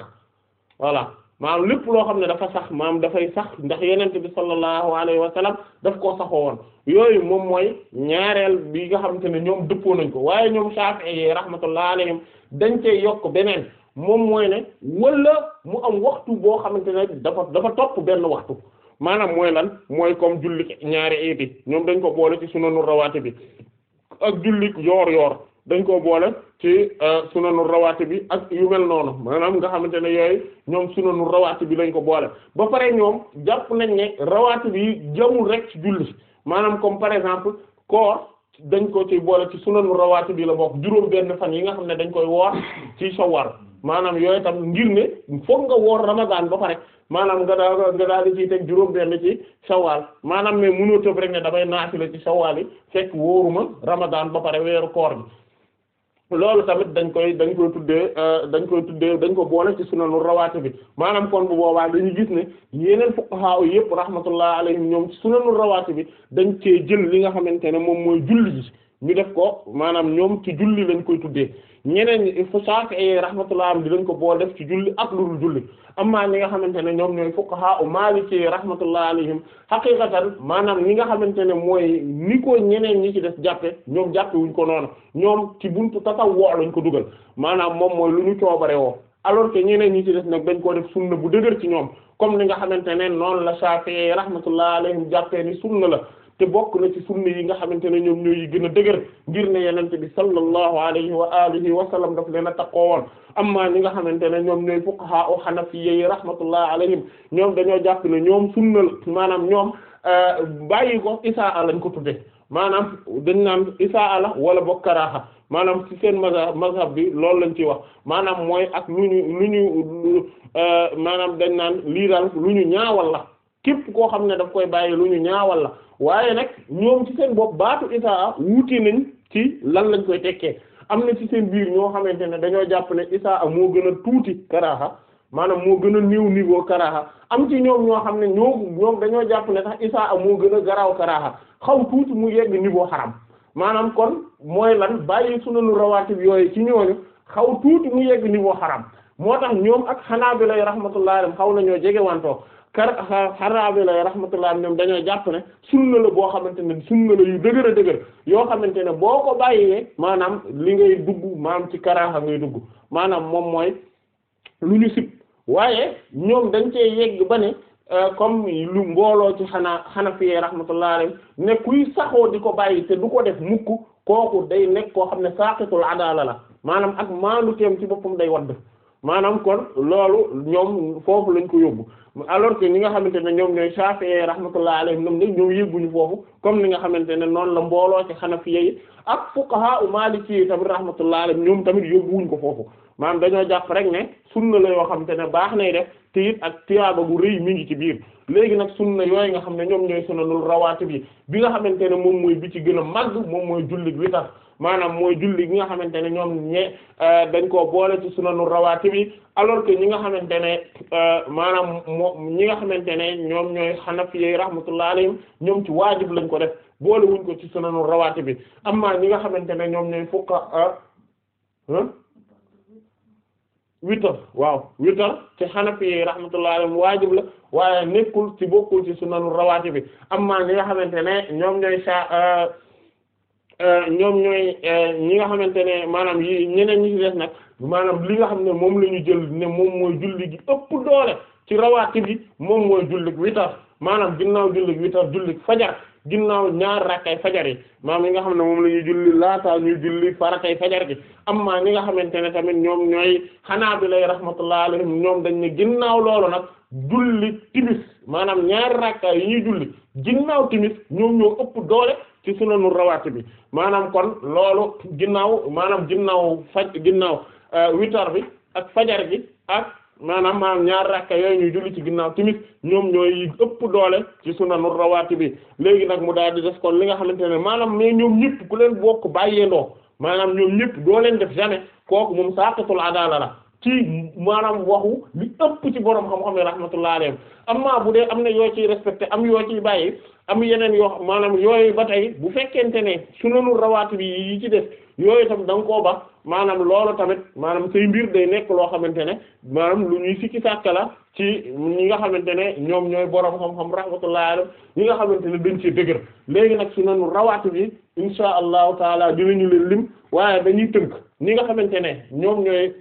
voilà maanaam lépp loo xam ne dafa sax maam dafay sax ndax yenente bi sallallahu alayhi wa sallam daf koo saxoo woon yooyu moom mooy ñaareel bi nga xamante ne ñoom dëppoo nañ ko waaye ñoom Shafi'i yi rahmatullah alayhim dañ cee yokk beneen moom mooy ne wala mu am waxtu boo xamante ne dafa dafa topp benn waxtu maanaam mooy lan mooy comme julli ñaari iiti ñoom dañ ko boole ci sunanu rawaati bi ak julli yoor yoor dañ koo boole ci euh, sunanu rawaati bi ak yu mel noonu maanaam nga xamante ne yooyu ñoom sunanu rawaati bi lañ ko boole ba pare ñoom jàpp nañ ne rawaati bi jamul rek ci julli maanaam comme par exemple koor dañ ko ci boole ci sunanu rawaati bi la bokk juróom benn fan yi nga xam ne dañ koy woor ci sawar maanaam yooyu tam ngir ne foog nga woor ramadan ba pare maanaam nga daa nga daal di ciy teg juróom benn ci sawaal maanaam mais mënoo tëb rek ne damay naafila ci sawaal yi fekk wóoruma ramadan ba pare weeru koor bi loolu tamit dañ koy dañ koy tuddee euh, dañ koy tuddee dañ ko boole ci sunanu rawaati bi maanaam kon bu boobaa dañu gis ne yeneen fuqaha yëpp rahmatullah alayhim ñoom sunanu rawaati bi dañ cee jël li nga xamante ne moom mooy julli ji ñu def ko maanaam ñoom ci julli lañ koy tuddee ñeneen ñi Shaafi'i rahmatullah di dañ ko boo def ci julli ak lu dul julli amma ñi nga xamante ne ñoom ñooy fuqaha u Maliki rahmatullah alayhim haqiqatan maanaam ñi nga xamante ne mooy ni ko ñeneen ñi ci def jàppe ñoom jàppe wuñ ko noonu ñoom ci buntu tasawwur lañ ko dugal maanaam moom mooy lu ñu coobare woo alors que ñeneen ñi ci def na dañ koo def sunna bu dëgër ci ñoom comme ni nga xamante ne noonu la Shaafi'i rahmatullah alayhim jàppee ni sunna la te bokk na ci sunna yi nga xamante ne ñoom ñooy yi gën a dëgër ngir ne yenente bi sallallahu alayhi wa alihi wa sallam daf leen a taqoowoon amma ñi nga xamante ne ñoom ñooy xa o hanafiyya yi rahmatullah alayhim ñoom dañoo jàpp ne ñoom sunna la maanaam ñoom euh, bàyyi ko isaa lañ ko tudde maanaam dañ naan isaa la wala bokk karaaxa maanaam ci seen mazhab mazhab bi loolu lañ ci wax maanaam mooy ak lu ñu lu ñu euh, maanaam dañ naan lii lu ñu ñaawal la képp koo xam ne daf koy bàyyi lu ñu ñaawal la waaye nag ñoom ci seen bopp baatu isaa wuute nañ ci lan lañ koy tekkee am na ci seen biir ñoo xamante ne dañoo jàpp ne isaa moo gën a tuuti karaaxa maanaam moo gën a néew niveau karaaxa am ci ñoom ñoo xam ne ñoo ñoom dañoo jàpp ne sax isaa moo gën a garaaw karaaxa xaw tuuti mu yegg niveau xaram maanaam kon mooy lan bàyyi sunanu rawaatib yooyu ci ñooñu xaw tuuti mu yegg niveau xaram moo tax ñoom ak xanaa bi lay rahmatullahi xaw nañoo jege wantoo kar lay yi rahmatullah ñoom dañoo jàpp ne sunna la boo xamante ne sunna la yu dëgër a dëgër yoo xamante ne boo ko bàyyee maanaam li ngay dugg maam ci karaaxa ngay dugg maanaam moom mooy lu ñu sib waaye ñoom dañ cee yegg ba ne euh, comme lu mbooloo ci xanaa Hanafi yi rahmatullah alayhi ne kuy saxoo di ko bàyyi te du ko def mukk kooku day nekk koo xam ne saaqitul adala la maanaam ak maandu teem ci boppam day wadd maanaam kon loolu ñoom foofu lañ ko yóbbu alors que ni nga xamante ne ñoom ñooy Shafi'i rahmatullahi alayhim ñoom ñoom yëbbuñu foofu comme ni nga xamante ne noonu la mbooloo ci Hanafiya yi ak fuqaha u Maliki yi tamit rahmatullahi alayhim ñoom tamit yóbbuwuñ ko foofu maanaam dañoo jàpp rek ne sunna la yoo xam te ne baax nay def te ak tiyaaba gu rëy mi ngi ci biir léegi nag sunna yooyu nga xam ne ñoom ñooy sunanul rawaatib bi bi nga xamante ne moom mooy bi ci gën a màgg moom mooy jullig witar maanaam mooy julli gi nga xamante ne ñoom ñe euh, dañ koo boole ci sunanu rawaatib bi alors que ñi nga xamante ne euh, maanaam moo ñi nga xamante ne ñoom ñooy xanafiyey rahmatullah alayhim ñoom ci waajib lañ ko def boole wuñ ko ci sunanu rawaatib bi amma ñi nga xamante ne ñoom ñooy fuqaha witr waaw witr ci Hanafi yi rahmatullahi alayhim waajib la waaye nekkul ci bokkul ci sunanu rawaatib bi amma ñi nga xamante ne ñoom ñooy sa euh, euh, ñoom ñooy euh, ñi nga xamante ne maanaam yi ñeneen ñi ci des nag maanaam li nga xam ne moom lañu jël ne moom mooy julli gi ëpp doole ci rawaatib bi moom mooy jullig witr maanaam ginnaaw jullig witr jullig fajar ginnaaw ñaar rakkay fajar yi maam yi nga xam ne moom la ñuy julli laataa ñuy julli faratay fajar gi amma ñi nga xamante ne tamit ñoom ñooy xanaa bi Hanaabila rahmatullahi alayhim ñoom dañ ne ginnaaw loolu nag julli timis maanaam ñaari rakka yi ñuy julli ginnaaw timis ñoom ñoo ëpp doole ci nu rawaati bi maanaam kon loolu ginnaaw maanaam ginnaaw faj ginnaaw euh, witar bi ak fajar gi ak maanaam maanaam ñaar rakka yooyu ñuy julli ci ginnaaw tamit ñoom ñooy ëpp doole ci sunanu rawaati bi léegi nag mu daal di def kon li nga xamante ne maanaam mais ñoom ku leen bokk bàyyeendoo maanaam ñoom ñëpp doo leen def jamais kooku moom saaqatul adala la ci maanaam waxu li ëpp ci borom xam-xam ne rahmatullah alayhi amma bu dee am na yoo ciy respecté am yoo ciy bàyyi am yeneen yoo maanaam yooyu ba tey bu fekkente ne sunanu rawaati bi yi ci def yooyu tam da nga koo ba maanaam loolu tamit maanaam say mbir day nekk loo xamante ne maanaam lu ñuy sikki sàkka la ci ñi nga xamante ne ñoom ñooy boroom xam-xam rahmatullahi alayhi ñi nga xamante ne dañ ci dëgër léegi nag su noonu rawaatu bi insha allahu taala dinañu leen lim waaye dañuy tënk ñi nga xamante ne ñoom ñooy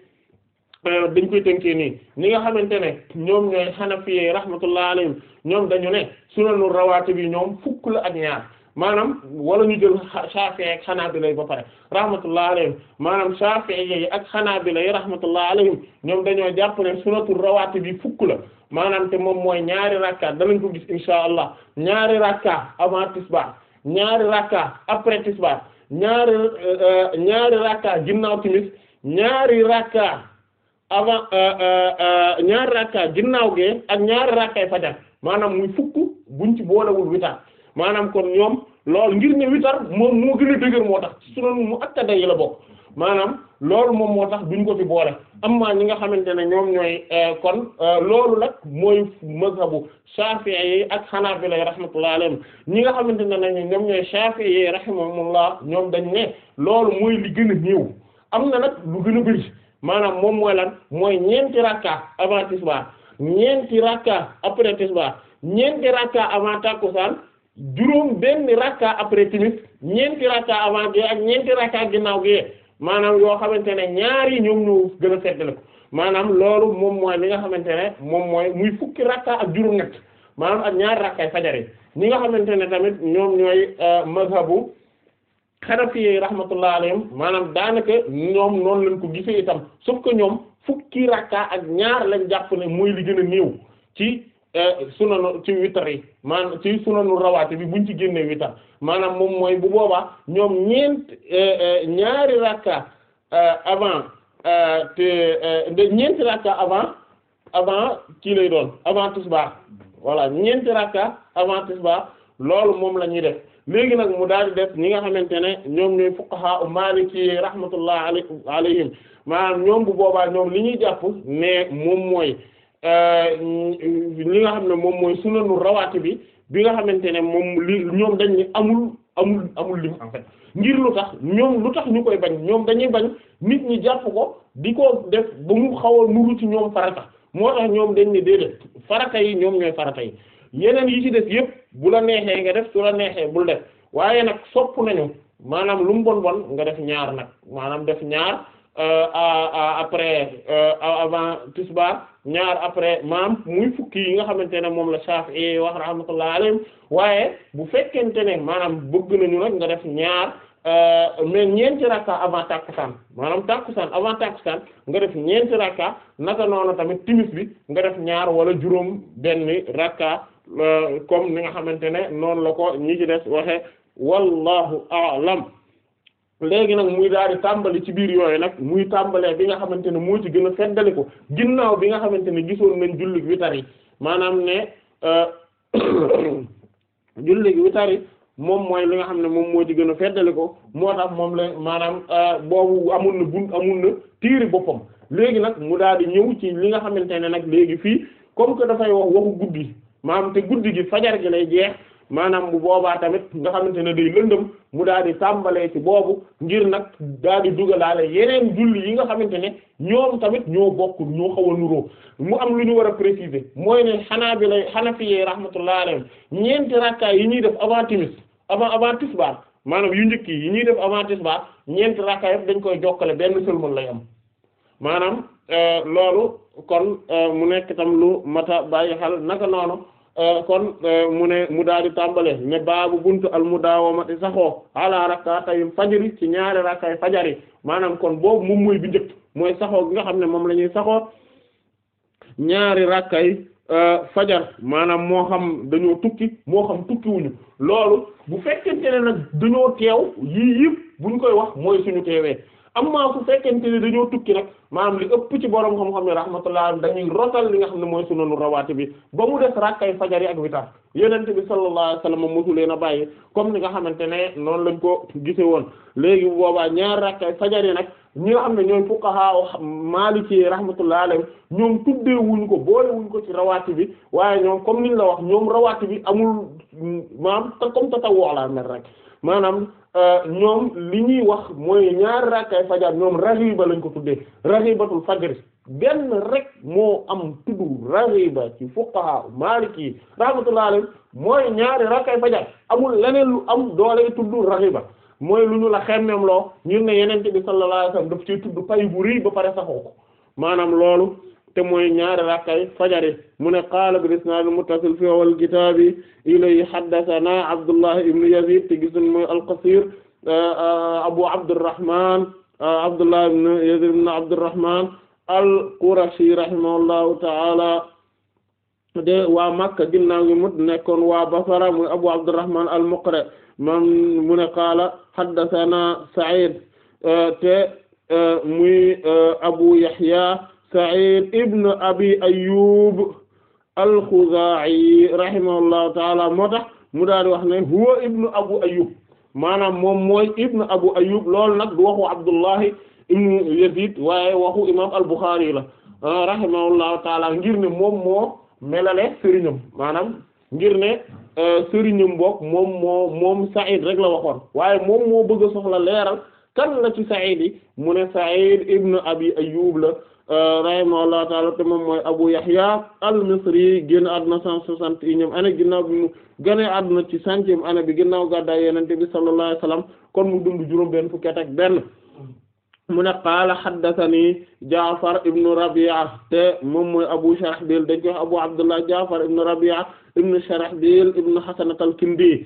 euh, dañ koy tënkee nii ñi nga xamante ne ñoom ñooy xanafiye rahmatullahi alayhim ñoom dañu ne su sunanu rawaati bi ñoom fukk la ak ñaar maanaam wala ñu jël Shafi'i ak Hanabila ba pare rahmatullah alayhim maanaam Shafi'i yi ak Hanabila yi rahmatullah alayhim ñoom dañoo jàpp ne sunatul rawaatib bi fukk la maanaam te moom mooy ñaari rakka danañ ko gis insha allah ñaari rakka avant tisbaar ñaari rakka après tisbaar ñaari euh, euh, ñaari rakka ginnaaw timis ñaari rakka avant euh, ñaari rakka ginnaaw gee ak ñaari rakkaay fajar maanaam muy fukk buñ ci boolewul witar maanaam kon ñoom loolu ngir ne witar moom moo gën a dëgër moo tax ci sunan mu aktada yi la bokk maanaam loolu moom moo tax duñ ko fi boole amma ñi nga xamante ne ñoom ñooy euh, kon euh, loolu nag mooy mazhabu Shafi'i ak Hanabila rahmatullahi alayhim ñi nga xamante ne nañu ñoom ñooy Shafi'i rahimahumullah ñoom dañ ne loolu mooy li gën a néew am na nag lu gën a bëri maanaam moom mooy lan mooy ñeenti rakka avant tisbaar ñeenti rakka après tisbaar ñeenti rakka avant tàkkusaan juróom benn rakka après timis ñeenti rakka avant gee ak ñeenti rakka ginnaaw gee maanaam yoo xamante ne ñaari yi ñoom ñoo gën a seddale ko maanaam loolu moom mooy li nga xamante ne moom mooy muy fukki rakka ak juróom ñett maanaam ak ñaar rakkaay fajar yi nga xamante ne tamit ñoom ñooy euh, mazhabu xanafi rahmatullah alayhim maanaam daanaka ñoom noonu lañ ko gisee itam sauf ko ñoom fukki rakka ak ñaar lañ jàpp ne mooy li gën a néew ci Eh, sunanu ci witar yi maanaam ci sunanu rawaate bi buñ ci génnee witar maanaam moom mooy bu boobaa ñoom ñeent eh, eh, ñaari rakka avant te ñeenti rakka avant avant kii lay doon avant tisbaar voilà ñeenti rakka avant tisbaar loolu moom la ñuy def léegi nag mu daal di def ñi nga xamante ne ñoom ñooy fuqaha maliki rahmatullah alayhim maanaam ñoom bu boobaa ñoom li ñuy jàpp ne moom mooy li euh, nga xam ne moom mooy sunanu rawaati bi bi nga xamante ne moom li ñoom dañ ni amul amul amul lim en fait ngir lu tax ñoom lu tax ñu koy bañ ñoom dañuy bañ nit ñi jàpp ko di ko def ba mu xaw a nuru ci ñoom farata moo tax ñoom dañ ne déedéet farata yi ñoom ñooy farata yi yeneen yi ci def yëpp bu la neexee nga def su la neexee bul def waaye nag sopp nañu maanaam lu mu bon bon nga def ñaar nag maanaam def ñaar Euh, après euh, avant tisbar ñaar après maam muy fukki yi nga xamante ne moom la Shafi'i wax rahmatullah alayhim waaye bu fekkente ne maanaam bëgg nañu nag nga def ñaar euh, mais ñeenti rakka avant tàkkusaan maanaam tàkkusaan avant tàkkusaan nga def ñeenti rakka naka noonu tamit timis bi nga def ñaar wala juróom benn rakka comme ni nga xamante ne noonu la ko ñi ci des waxe wallahu a'lam léegi nag muy daal di tàmbali ci biir yooyu nag muy tàmbalee bi nga xamante ne moo ci gën a feddali ko ginnaaw bi nga xamante ne gisoon nañ jullit witar yi maanaam ne euh, jullit witar yi moom mooy li nga xam ne moom moo ci gën a feddali ko moo tax moom la maanaam euh, boobu amul na bunt amul na tiiri boppam léegi nag mu daal di ñëw ci li nga xamante ne nag léegi fii comme que dafay wax waxu guddi maanaam te guddi gi fajar gi lay jeex. maanaam bu boobaa tamit nga xamante ne day lëndëm mu daal di tàmbalee ci boobu ngir nag daal di dugalaale yeneen julli yi nga xamante ne ñoom tamit ñoo bokk ñoo xaw a nuroo mu am lu ñu war a préciser mooy ne xanaa bi lay xanafiyee rahmatullah alayhim ñeenti rakkaay yi ñuy def avant timis avant avant tisbaar maanaam yu njëkk yi ñuy def avant tisbaar ñeenti rakkaay yëpp dañ koy jokkale benn sëlmal lay am maanaam euh, loolu kon euh, mu nekk tam lu mata bàyyi xel naka noonu Euh, kon euh, mu ne mu daal di tàmbale ne baabu buntu al mudaawamati saxoo ala rak'atay fajari ci ñaari rakkaay fajari maanaam kon boo moom muy bi njëkk mooy saxoo gi nga xam ne moom la ñuy saxoo ñaari rakkaay euh, fajar maanaam moo xam dañoo tukki moo xam tukkiwuñu loolu bu fekkente ne nag dañoo teew yii buñ koy wax mooy suñu teewee amma bu fekkente ne dañoo tukki nag maanaam li ëpp ci borom xam-xam ne rahmatullah dañuy rotal li nga xam ne mooy sunanu rawaati bi ba mu des rakkay fajar yi ak witar yonent bi sallallahu alayhi wasallam mosu leen a bàyyi comme ni nga xamante ne noonu lañ ko gise woon léegi boobaa ñaar rakkay fajar yi nag ñi nga xam ne ñooy fuqaha maliki rahmatullah alayhi ñoom tuddee wuñ ko boole wuñ ko ci rawaati bi waaye ñoom comme niñ la wax ñoom rawaati bi amul maam comme tatawoo la mel rek maanaam euh, ñoom li ñuy wax mooy ñaari raakaay fajar ñoom raxiba lañ ko tuddee raxibatul fajr benn rek moo am tuddu raxiba ci fuqaha maliki rahmatullahi alayhi mooy ñaari raakaay fajar amul leneen lu am doole tuddu raxiba mooy lu ñu la xemmeem loo ñu ne yeneen bi sallallahu alayhi wasallam daf ci tudd pay bu rëy ba pare saxoo ko maanaam loolu te mooy ñaari rakkay fajari mu ne qaala bil isnaad muttasil fi awal kitaabi ilay haddathana Abdullah ibn Yazid te gisun mooy al euh, Abu Abdurrahman euh, Abdullah ibn Yazid ibn Abdurrahman al-Qurashi rahimahullahu ta'ala de waa Makka ginnaaw gi mu nekkoon waa Basra muy Abu Abdurrahman al-Muqri mam mu ne euh, te Abu Yahya Sa'id ibn Abi Ayyub al-Khuzaa'i rahimahullahu moo tax mu daal di wax ne huwa ibn Abu Ayyub maanaam moom mooy ibn Abu Ayyub loolu nag du waxu Abdullahi ibn Yazid waaye waxu imaam al-Bukhari la ah, rahimahullahu ta'ala ngir ne moom moo melale sëriñam maanaam ngir ne eh, sëriñam boog moom moom Sa'id rek la waxoon waaye moom moo bëgg a soxla leeral kan ci Sa'id mu ne Sa'id ibn Abi Ayyub la. Euh, rahimahullahu taala te moom mooy Abu Yahya al-Misri génn àdduna cent soixante et unième année ginnaaw bi mu gënee àdduna ci centième année bi ginnaaw gàddaay Yonent bi sallallahu alayhi wa sallam kon mu dund juróom benn fukki at benn mu ne qaala haddathani Jaafar ibn Rabi'a te moom mooy Abu Sharhbil dañ koy wax Abu Abdullah Jaafar ibn Rabi'a ibn Sharhbil ibn Hasanat al-Kindi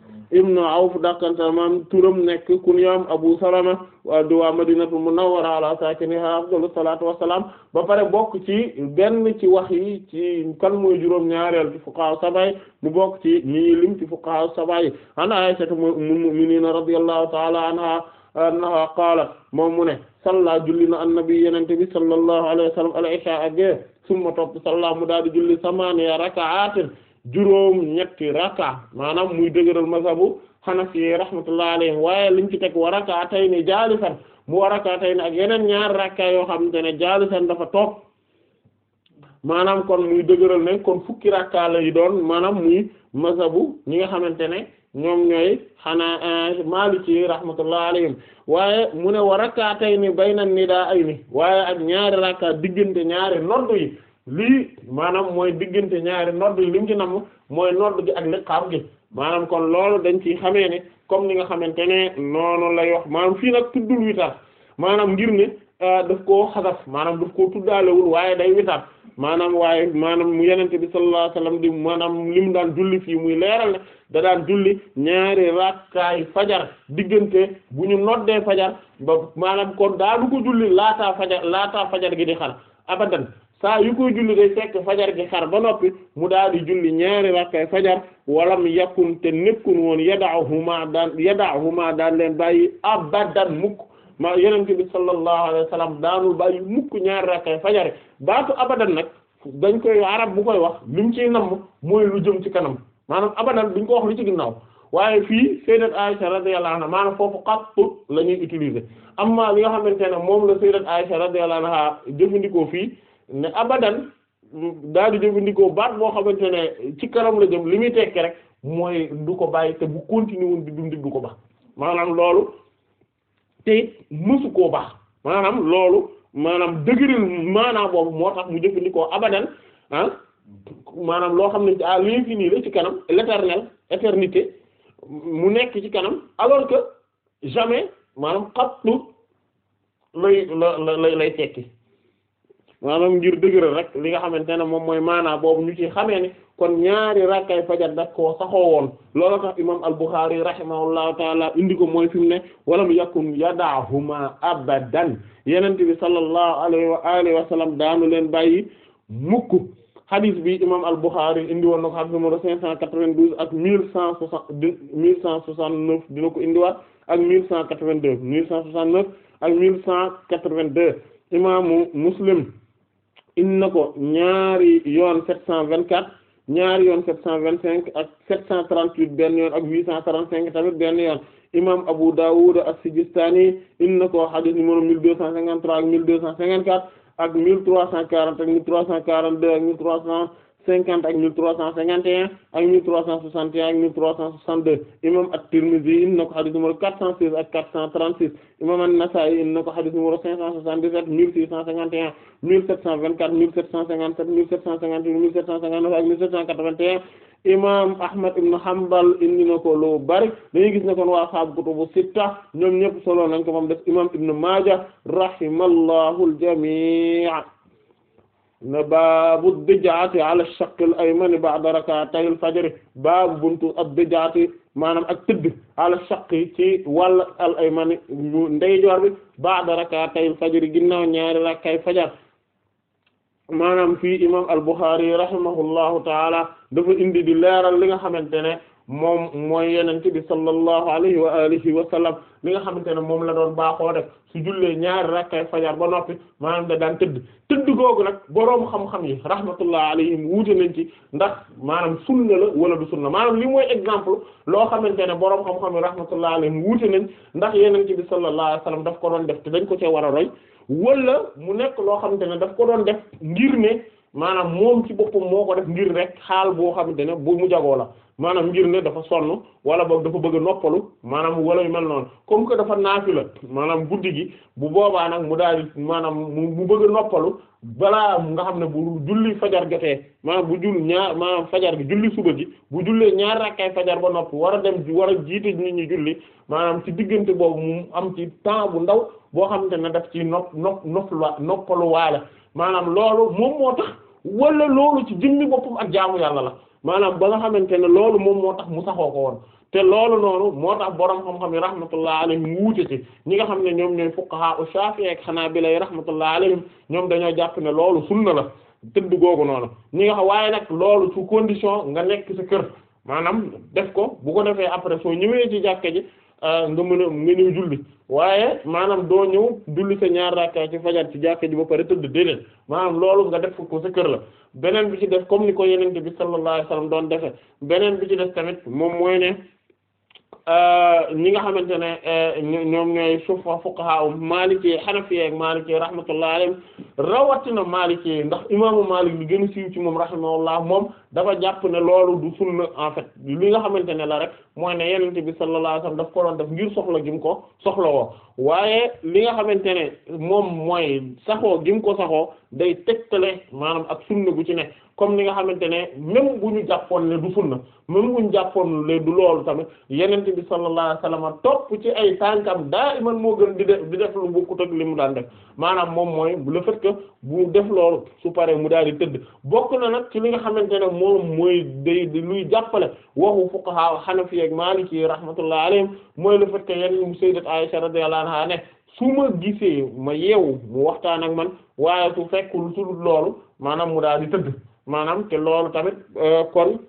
ibn Awf dakkantal maam turam nekk kunyaam Abu Salama wa di waa Madinatu Munawwara ala saakinihaa afdalu salaatu wassalaam ba pare bokk ci benn ci wax yi ci kan mooy juróom ñaareel ci fuqahaa sabay mu bokk ci ñi lim ci fuqahaa sabay an Aysa ummul mu'miniina radiyallahu ta'ala annaha qaalat moom mu ne salla julli na annabi yenente bi sallallahu alayhi wa sallam al-isha summa topp salla mu daal di julli samaaniya rak'aatin juróom ñetti raka maanaam muy dëgëral xana Hanafi rahmatullahi alayhi waaye liñ ci teg wa rak'atayni jaalisan mu wa rak'atayni ak yeneen ñaari rakka yoo xamante ne jaalisan dafa toog maanaam kon muy dëgëral ne kon fukki rakka lay doon maanaam muy mazhabu ñi nga xamante ne ñoom ñooy xanaa eh, Maliki rahmatullahi alayhim waaye mu ne wa rak'atayni bayna nida'ayni waaye ak ñaari rakka diggante ñaari noddu yi lii maanaam mooy diggante ñaari nodd yi li mu ci namm mooy nodd gi ak liqaam gi maanaam kon loolu dañ ci xamee ne comme ni nga xamante ne noonu lay wax maanaam fii nag tuddul witar maanaam ngir ne euh, daf koo xasaf maanaam daf koo tuddaalewul waaye day witar maanaam waaye maanaam mu yenente bi sallallahu alayhi wasallam di maanaam li mu daan julli fii muy leeral ne da daan julli ñaari rakkaay fajar diggante bu ñu noddee fajar ba maanaam kon daa du ko julli laataa fajar gi di xar abadan saa yu koy julli day fekk fajar gi xar ba noppi mu daal di julli ñaari rakkay fajar walam yakun te nekkul woon yada'uhuma daan yada'uhuma daan leen bàyyi abadan mukk ma yonent bi sallallahu alayhi wa sallam daanul bàyyi mukk ñaari rakkay fajar baatu abadan nag dañ koy arab bu koy wax li mu ciy mooy lu jëm ci kanam maanaam abadan duñ ko wax lu ci ginnaaw waaye fii sayyidat Aisha radiyallahu anha maanaam foofu qattu la ñuy utiliser amma li nga xamante ne moom la sayyidat Aisha radiyallahu anha jëfandikoo fii ne abadan daal di jëfandikoo baat boo xamante ne ci kanam la jëm li muy tekki rek mooy du ko bàyyi te bu continuer woon di dundi du ko baax maanaam loolu te mësu koo baax maanaam loolu maanaam dëgëril maanaam boobu moo tax mu jëfandikoo abadan ah maanaam loo xam ne à l'infini la ci kanam l'éternel éternité mu nekk ci kanam alors que jamais maanaam xattu lay la lay lay tekki maanaam ngir dëgëral rek li nga xamante ne moom mooy maanaa boobu ñu ci xamee ne kon ñaari rakkay fajar dak koo saxoo woon loola tax imam al-Bukhari rahimahullahu taala indi ko mooy fi mu ne walam yakun yadaahuma abadan yenent bi sallallahu alayhi wa alihi wa sallam daanu leen bàyyi mukk hadis bi imam al-Bukhari indi woon na ko hadis numéro cinq cent quatre-vingt-douze ak mille cent soixante neuf dina ko indiwaat ak mille cent quatre-vingt-deux mille ak mille cent quatre-vingt-deux indi na ko ñaari yoon sept cent vingt quatre ñaari yoon sept cent vingt cinq ak sept cent trente huit benn yoon ak huit cent trente cinq tamit benn yoon imam Abu Dawud as-Sijistani indi ko hadith numéro mille deux cent cinquante trois ak mille deux cent cinquante quatre ak mille trois cent quarante deux ak mille trois cent cinquante ak mille trois cent cinquante et un ak mille trois cent soixante et un ak mille trois cent soixante deux imam at-Tirmidhi in na ko xadis numéro quatre cent seize ak quatre cent trente six imam an-Nasa'i in na ko xadis numéro cinq cent soixante dix sept mille six cent cinquante un mille sept cent vingt quatre mille sept cent cinquante sept mille sept cent cinquante huit mille sept cent cinquante neuf ak mille sept cent quatre vingt un imam Ahmad ibn Hanbal indi ko lu bari na baabu dëjaati ala shaqil aymani ba'da rak'atayil fajr baabu buntu ab dëjaati maanaam ak tëdd ala shaqi ci wàll al aymani ndeyjoor bi ba'da rak'atayil fajr ginnaaw ñaari rakkay fajar maanaam fii imam al Bukhari rahimahullahu taala dafa indi di leeral li nga xamante ne moom mooy yenente bi sallallahu alayhi wa alihi wa sallam li nga xamante ne moom la doon baaxoo rek su jullee ñaari rakkay fajar ba noppi maanaam da daan tëdd tëdd googu nag boroom xam-xam yi rahmatullah alayhim wuute nañ ci ndax maanaam sunna la wala du sunna maanaam li mooy exemple loo xamante ne boroom xam-xam yi rahmatullah alayhim wuute nañ ndax yenente bi sallallahu alayhi wa sallam daf ko doon def te dañ ko cee war a roy wala mu nekk loo xamante ne daf ko doon def ngir ne maanaam moom ci boppam moo ko def ngir rek xaal boo xamante ne bu mu jagoo la maanaam ngir ne dafa sonn wala boog dafa bëgg a noppalu maanaam wala yu noonu comme que dafa naafi la maanaam guddi gi bu boobaa nag mu daal di maanaam mu bëgg noppalu balaa nga xam ne bu julli fajar jotee maanaam bu jull ñaar maanaam fajar gi julli suba gi bu jullee ñaar fajar ba nopp war a dem war a jiite nit ñi julli maanaam ci diggante boobu mu am ci temps bu ndaw boo xamante ne daf ci nopp nopp noppalu waale maanaam loolu moom moo tax. wala loolu ci jëmmi boppam ak jaamu yàlla la maanaam ba nga xamante ne loolu moom moo tax mu saxoo ko woon te loolu noonu moo tax boroom xam-xam yi rahmatullah alayhim mu wuute ci ñi nga xam ne ñoom ñooy fuqaha u Shafi'i ak Hanabila yi rahmatullah alayhim ñoom dañoo jàpp ne loolu sunna la tëdd googu noonu ñi nga xam waaye nag loolu su condition nga nekk sa kër maanaam def ko bu ko defee après soo ñëwee ci jàkke ji Ah, nga mën a nga ñëw julli waaye maanaam doo ñëw julli sa ñaar rakka ci fajar ci jàkka ji ba pare tëdd déedéet maanaam loolu nga def ko sa kër la beneen bi ci def comme ni ko yenente bi sallallahu alayhi wasallam doon defe beneen bi ci def tamit moom mooy ne ah, ñi nga xamante ne eh, ñoom ñooy sufa fuqaha maliki hanafi ak maliki rahmatullahi alayhim rawatina maliki ndax imaamu Maalik li gën a siiw ci moom rahimahullah moom dafa jàpp ne loolu du sunna en fait li nga xamante ne la rek mooy ne yenente bi sallallahu alayhi wasallam daf ko doon def ngir soxla gi mu ko soxlawoo waaye li nga xamante ne moom mooy saxoo gi ko saxoo day tegtale maanaam ak sunna gu ci ne comme li nga xamante ne même bu ñu jàppoon ne du sunna même bu ñu jàppoon ne du loolu tamit yenente bi sallallahu alayhi wasallam topp ci ay tànkam daa iman moo gën di def di def lu bokkut li mu daan def maanaam moom mooy le fait que bu def loolu su paree mu daal di tëdd bokk na nag ci li nga xamante ne moom mooy day luy jàppale waxu fuqaha hanafi yeeg Maliki yi rahmatullah alayhim mooy le fait que yenn sayyidat Aisha radiyallahu anha ne su ma gisee ma yeewu mu waxtaan ak man waaye su fekkul su dul loolu maanaam mu daal di maanaam te loolu tamit euh, kon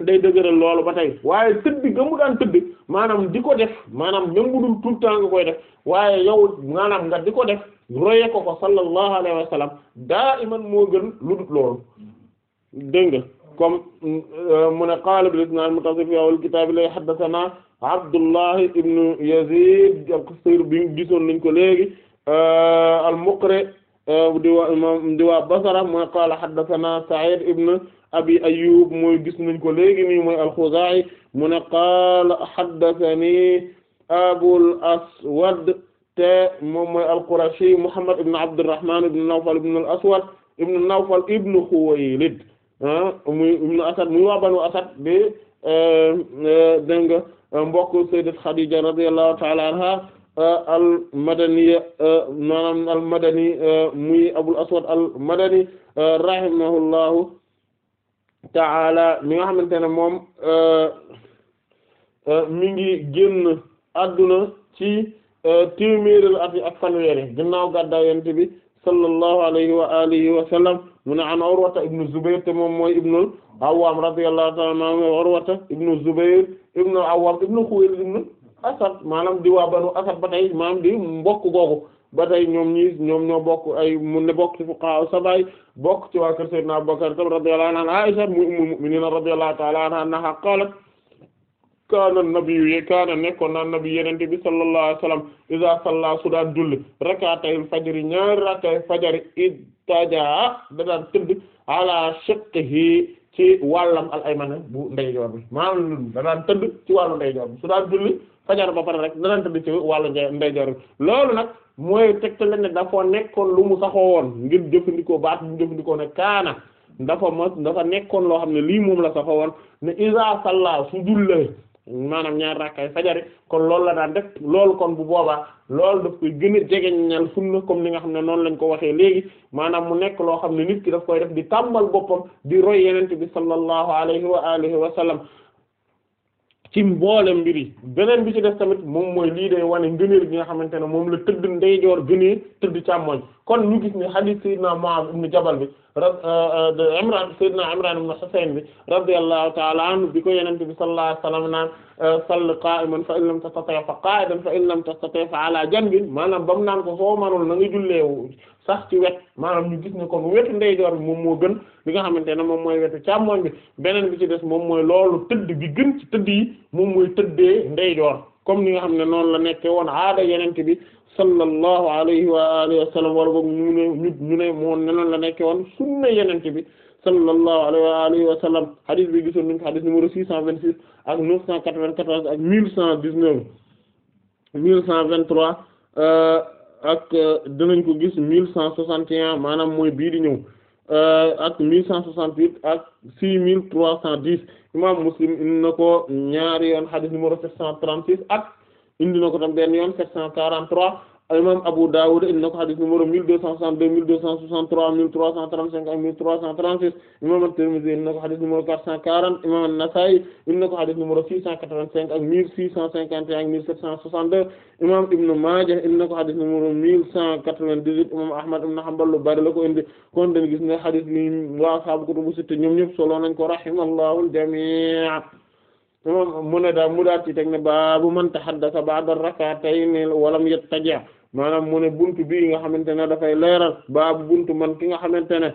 day dëgëral loolu ba tey waaye tëdd ga mu daan tëdd maanaam di ko def maanaam même bu tout le temps nga koy def waaye yow maanaam nga di ko def roye ko ko sallallahu alayhi wa sallam daa iman moo gën lu dul loolu dégg comme euh, mu ne qaala bil isnaad muttasil fi awwal kitaab la haddasanaa Abdullah ibn Yazid al-Qusayri bi gisoon nañ ko léegi euh, al-Muqri euh, di waa imam di waa Basra mooy qaala haddasanaa Sa'id ibn Abi Ayyub mooy gis nañ ko léegi nii mooy al-Khuzaa'i mu ne qaala haddasanii Abul Aswad te moom mooy al-Qurashi Muhammad ibn Abdurrahman ibn Nawfal ibn al-Aswad ibn Nawfal ibn Khuwaylid Ah, muy ibnu Asad muy waa banu Asad di eh, eh, dégg nga eh, mbokk sayyidat Khadija radiyallahu ta'ala anha al madani maanaam al muy Abul Aswad al rahimahullahu ta'ala mi nga xamante ne moom mi ngi génn adduna ci téeméeri at yi ak fanweeri ginnaaw gàddaay sallallahu alayhi wa alihi mu ne an Urwata ibnu Zubayr te moom mooy ibnul Awwam radiyallahu ta'ala anhu Urwata ibnu Zubayr ibnul Awwam ibnu Khuwaylid ibnu Asad maanaam di waa Banu Asad ba tey maanaam di mbokk googu ba tey ñoom ñi ñoom ñoo bokk ay mun ne bokk ci fuqaha sabay bokk ci waa kër Sayyidina Abu Bakr tam radiyallahu anha Aisha mu ummul mu'minin radiyallahu ta'ala anha annaha qalat kaana nabiyyu kaana nekkoon na nabi yenente bi sallallahu alayhi wasallam iza salla su daan julli rak'atay fajri ñaari rak'ay fajari istaja da daan tëdd ala shiqqihi ci wàllam al aymana bu ndeyjoor bi maanaam da daan tëdd ci wàllu ndeyjoor bi su daan julli fajar ba pare rek da daan tëdd ci wàllu ndeyjoor bi loolu nag mooy tegte lañ ne dafa nekkoon lu mu saxoo woon ngir jëfandikoo baat mu jëfandikoo ne kaana dafa mos dafa nekkoon loo xam ne lii moom la saxoo woon ne iza salla su jullee maanaam ñaar rakkaay fajari kon loolu la daan def loolu kon bu boobaa loolu daf koy gën a jegeñal na comme ni nga xam ne noonu lañ ko waxee léegi maanaam mu nekk loo xam ne nit ki daf koy def di tàmbal boppam di roy yenent bi sallallahu alayhi wa alihi wa sallam ci mboole mbir yi beneen bi ci def tamit moom mooy lii de wane ngëneel gi nga xamante ne moom la tëdd ndeyjoor gënee tëdd càmmoñ kon ñu gis ne hadith Seydina Mu'adh ibn Jabal bi euh, euh, Imran Seydina Imran ibn Husayn bi radiyallahu ta'ala anhu bi ko Yonent bi sallallahu alayhi wa sallam naan euh, salli qa'iman fa in lam tastati' fa qa'idan fa in lam tastati' fa ala janbin maanaam ba mu naan ko soo manul na nga julleewu sax ci wet maanaam ñu gis ne kon wetu ndeyjoor bi moom moo gën bi nga xamante ne moom mooy wetu càmmoñ bi beneen bi ci des moom mooy loolu tëdd bi gën ci tëdd yi moom mooy tëddee ndeyjoor comme ni nga xam ne noonu la nekkee woon aada Yonent bi sallallahu alayhi wa alihi wa sallam wala boog mu ne ñu ñu ne moo la nekke woon sunna yenente bi sallallahu alayhi wa alihi wa sallam hadis bi gisoon nañ ko hadis numéro six cent vingt six ak neuf cent quatre-vingt-quatorze ak mille cent dix-neuf mille cent vingt-trois euh, ak euh, dinañ ko gis mille cent soixante et un maanaam mooy bii di ñëw euh, ak mille cent soixante-huit ak six mille trois cent dix imam Muslim in na ko ñaari yoon hadis numéro sept cent trente-six ak indi na ko tam benn yoon 743 imam Abu Dawud indi na ko hadith numéro 1262 1263 1335 ak 1336 imam At-Tirmidhi indi na ko hadith numéro 440 imam An-Nasa'i indi na ko hadith numéro 685 ak 1651 ak 1762 imam Ibn Majah indi na ko hadith numéro 1198 imam Ahmad ibn Hanbal lu bari la ko indi kon dañu gis ne hadith ni wa ashaabu kutubu sitta ñoom ñëpp solo nañ ko rahimallahu al-jami' mu ne daal mu daal ci teg baa baabu man tahaddasa ba'da rak'atayni walam yattaji' maanaam mu ne buntu bii nga xamante ne dafay leeral baabu buntu man ki nga xamante ne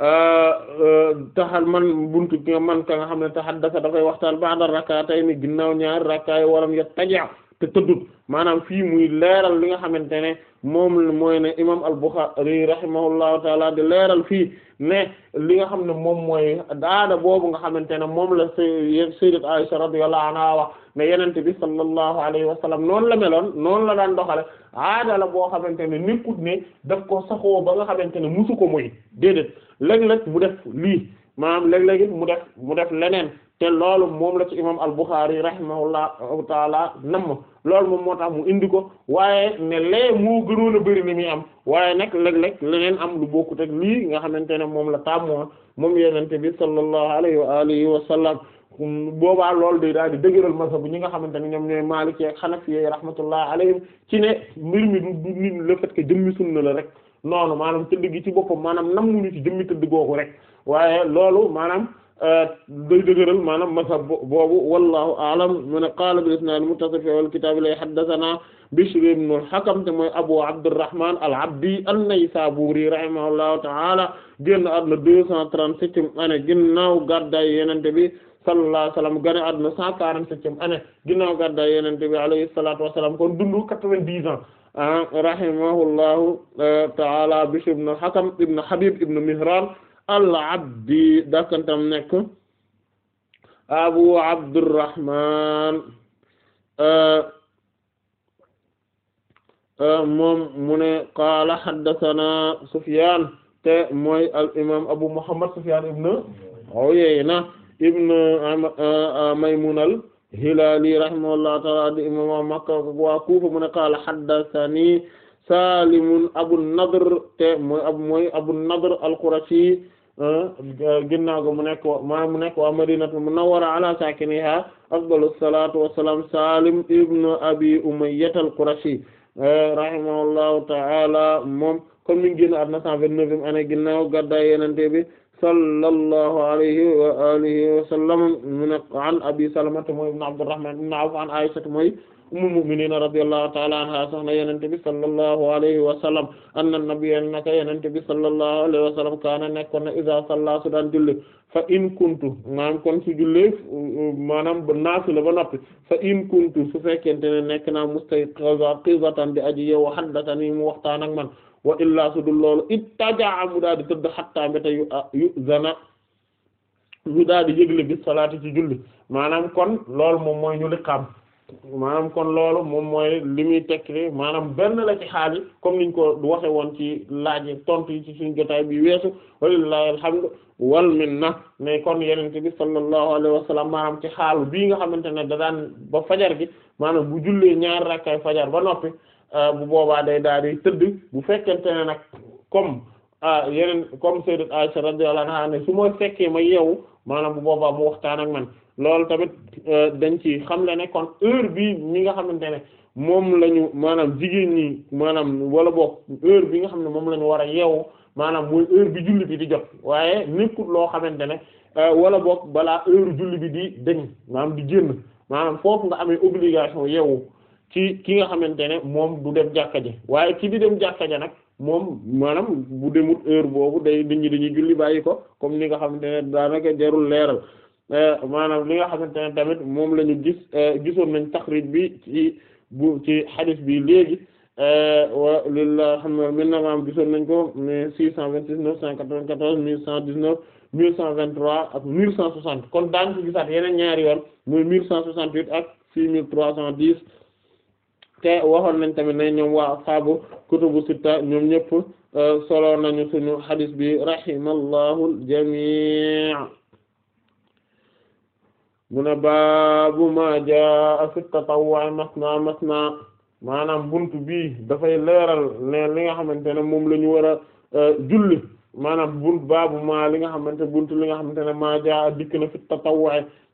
euh, taxal man bunt ki nga man ka nga xam ne tahaddasa dafay waxtaan ba'da rak'atayni ginnaaw ñaari rakkaay walam yattaji' te tëddut maanaam fii muy leeral li nga xamante ne moom mooy ne imam al-Bukhârî rahimahullahu taala di leeral fii ne li nga xam ne moom mooy daada boobu nga xamante ne moom la sayyidat Aisha radiyallahu anha wax ne yenente bi sallallahu alayhi wa sallam noonu la meloon noonu la daan doxale aada la boo xamante ne nekkut ne daf ko saxoo ba nga xamante ne musu ko moy déedéet léeg-léeg mu def lii maanaam léeg-léeg mu def mu def leneen te loolu moom la ci imam al-Bukhari rahimahullahu taala namm loolu moom moo tax mu indi ko waaye ne lee moo gënoon bëri li muy am waaye nag léeg-léeg leneen am lu bokkut ak lii nga xamante ne moom la tàmmoon moom yenente bi sallallahu alayhi wa alihi wa sallam boobaa loolu day daal di dëgëral mazhabu ñi nga xamante ne ñoom ñooy Maliki ak Hanafi yi rahmatullah alayhim ci ne mbir mi du du nit le fait que jëmmi sunna la rek noonu maanaam tëdd gi ci boppam maanaam nam mu ñu ci jëmmi tëdd googu Euh, day dëgëral maanaam mazhab boobu wallahu a'lam mu ne qaala bil isnaad muttasil fi wal kitaab lay haddathana Bishr ibn al-Hakam te mooy Abu Abdurrahman al-Abdi an-Naysaburi rahimahullahu ta'ala génn àdduna deux cent trente-septième année ginnaaw gàddaay Yonent bi sallallahu alayhi wa sallam gane àdduna cent quarante-septième année ginnaaw gàddaay Yonent bi alayhi salaatu wa salaam kon dundu quatre-vingt-dix ans ah, rahimahullahu euh, ta'ala Bishr ibn hakam ibn Habib ibn Mihran al abdi dakantam nekk abu abdurrahman euh, euh, moom mu ne qaala haddathana sufyan te mooy al imam abu muhammad sufyan ibn uyayna ibn euh, maymun al hilali rahimahullahu ta'ala di imam makka wa kufa mu ne qaala haddathani salimun abu nadr te mooy abu mooy abu nadr al qurashi ginnaaw ga mu nekk ma mu nekk waa madinatul munawwara ala sakiniha afdalu salatu wassalam salim ibnu abi umayyah al-qurashi rahimahullahu ta'ala moom kon mi ngi génn àdduna cent vingt-neuvième année ginnaaw gàddaay Yonent bi sallallahu alayhi wa alihi wa sallam abi salamata mooy ibn abdurrahman ibn awf an aisha mooy ummul mu'miniina radiyallahu ta'ala anha soxna Yonent sallallahu alayhi wa sallam anna nabiyya naka Yonent bi sallallahu alayhi wa sallam kaana nekkoon na iza salla daan julli fa in kuntu maanaam kon su jullee maanaam ba la ba noppi fa in kuntu su fekkente ne nekk naa mustayqizatan di aji yow haddathani mu waxtaan ak man wa illaa su dul loolu ittaja'a mu daal di tëdd hatta ah, di yëgle bi salaati ci julli maanaam kon lool mo mooy ñu liqaam maanaam kon loolu moom mooy li muy tekki maanaam benn la ci xaal yi comme niñ ko waxe woon ci laaj tontu yi ci suñu jotaay bi weesu walillahi alhamdu wal minna mais kon yenente bi sallallahu alayhi wa sallam maanaam ci xaal bii nga xamante ne da daan ba fajar gi maanaam bu jullee ñaari rakkaay fajar ba noppi euh, bu boobaa day daal di tëdd bu fekkente ne nag comme euh, yeneen comme sayyidat Aisha radiyallahu anha ne su ma fekkee ma yeewu maanaam bu boobaa mu waxtaan ak man loolu tamit euh, dañ ci xam le ne kon heure bi ñi nga xamante ne moom lañu maanaam jigéen ñi maanaam wala boog heure bi nga xam ne moom la war a yeewu maanaam mooy heure bi julli bi di jot waaye nekkul loo xamante ne euh, wala boog balaa heure julli bi di deñ maanaam di génn maanaam foofu nga amee obligation yeewu ci ki nga xamante ne moom du dem jàkka ji waaye ci di dem jàkka ja nag moom maanaam bu demut heure boobu day nit ñi dañuy julli bàyyi ko comme ni nga xamante ne daanaka jarul leeral Eh, maanaam li nga xamante ne tamit moom lañu ñu gis eh, gisoon nañ taxrij bi ci bu ci xadis bi léegi eh, wa lillah xam na min na maam gisoon nañ ko mille six cent vingt six neuf cent quatre-vingt-quatorze mille cent dix-neuf mille cent vingt-trois ak mille cent soixante kon daan ci gisaat yeneen ñaari yoon muy mille cent soixante-huit ak six mille trois cent dix te waxoon nañ tamit ne ñoom waa ashabu kutubu sitta ñoom ñëpp solo nañu suñu xadis bi rahimallahu al-jami' mu ne baabu ma jaa fi tatawwu masna masna maanaam bunt bii dafay leeral ne li nga xamante ne moom la ñu war a euh, julli maanaam bunt baabu ma li nga xamante bunt li nga xamante ne ma jaa dikk na fi tatawwu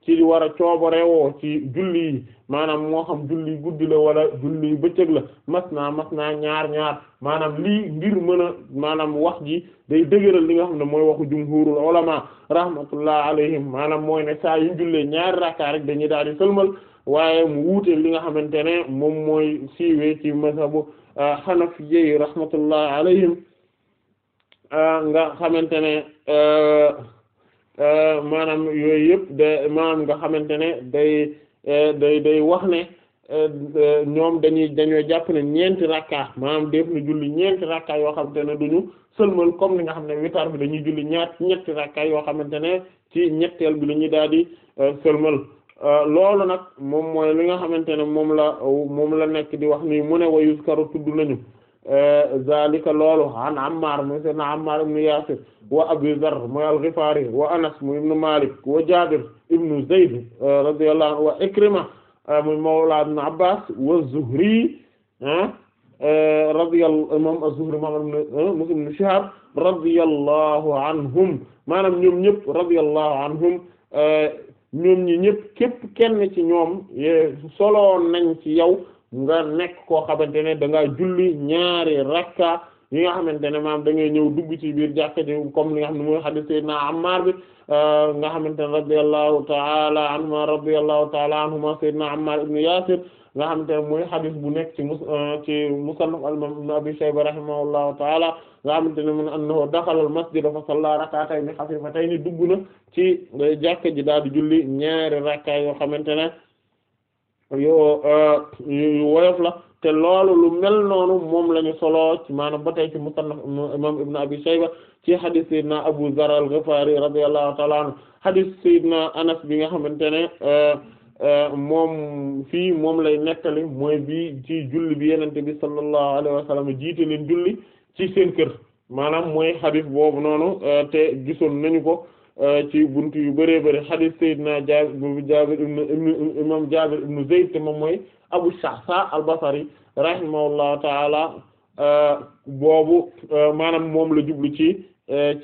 ci war a coobarewoo ci julli yi maanaam moo xam julli guddi la wala julli bëccëg la mas naa mas naa ñaar ñaar maanaam lii ngir mën a maanaam wax ji day dëgëral li nga xam ne mooy waxu jumhurul ulama rahmatullah alayhim maanaam mooy ne saa jullee ñaari rakka rek dañuy daal di sëlmal waaye mu wuute li nga xamante ne moom mooy siiwee ci mazhabu ah, hanafiyyi rahmatullah alayhim ah, nga xamante ne ah, Euh, maanaam yooyu yëpp da maanaam nga xamante ne day euh, day day wax ne euh, ñoom dañuy dañoo jàpp ne ñeenti rakka maanaam def na julli ñeenti rakka yoo xamante ne duñu sëlmal comme li nga xam ne witar bi dañuy julli ñaat ñetti rakka yoo xamante ne ci ñetteel bi la ñuy daal di sëlmal loolu nag moom mooy li nga xamante ne moom la moom la nekk di wax nii mu ne wayus karu tudd nañu zalika loolu an Ammar mooy sayyidina Ammar ibn Yasir wa Abu Dharr mooy al-Ghifari wa Anas mooy ibn Malik wa Jabir ibn Zayd radiyallahu anhu wa Ikrima mooy mawla ibn Abbas wa Zuhri ah, radiyallahu moom az-Zuhri moom Muslim ibn Shihab radiyallahu anhum maanaam ñoom ñëpp radiyallahu anhum eh, ñoom ñi ñëpp képp kenn ci ñoom eh, soloon nañ ci yow nga nekk ko xamante ne da ngaa julli ñaari rakka yi nga xamante ne maam da ñëw dugg ci biir jàkka ji comme li nga xam ne mooy hadith sayyidina Ammar bi euh, nga xamante ne radiyallahu ta'ala anhuma radiyallahu ta'ala anhuma sayyidina Ammar ibn Yasir nga xamante ne mooy hadith bu nekk ci mus euh, ci musannaf al-imam ibn Abi Shayba rahimahullahu ta'ala nga xamante ne mun annahu daxala al-masjida fa salla rak'atayni xafifatayni dugg na ci jàkka ji daal di julli ñaari rakka yoo xamante ne yo euh, woyof la te loolu lu mel noonu moom la ñu solo ci maanaam ba tey ci musannaf imam ibn abi shayba ci hadith sayyidina abu zar al-ghifari radiyallahu ta'ala anhu hadith sayyidina anas bi nga xamante ne euh, euh, moom fii moom lay nettali mooy bi ci julli bi yenente bi sallallahu alayhi wa sallam jiite leen julli ci seen kër maanaam mooy hadith boobu noonu te gisoon nañu ko Euh, ci buntu yu bëree bëri hadis na Jaabir ibn imam Jaabir ibn Zayd te moom mooy Abu Shahsa al-Basri rahimahullahu taala euh, boobu euh, maanaam moom la jublu ci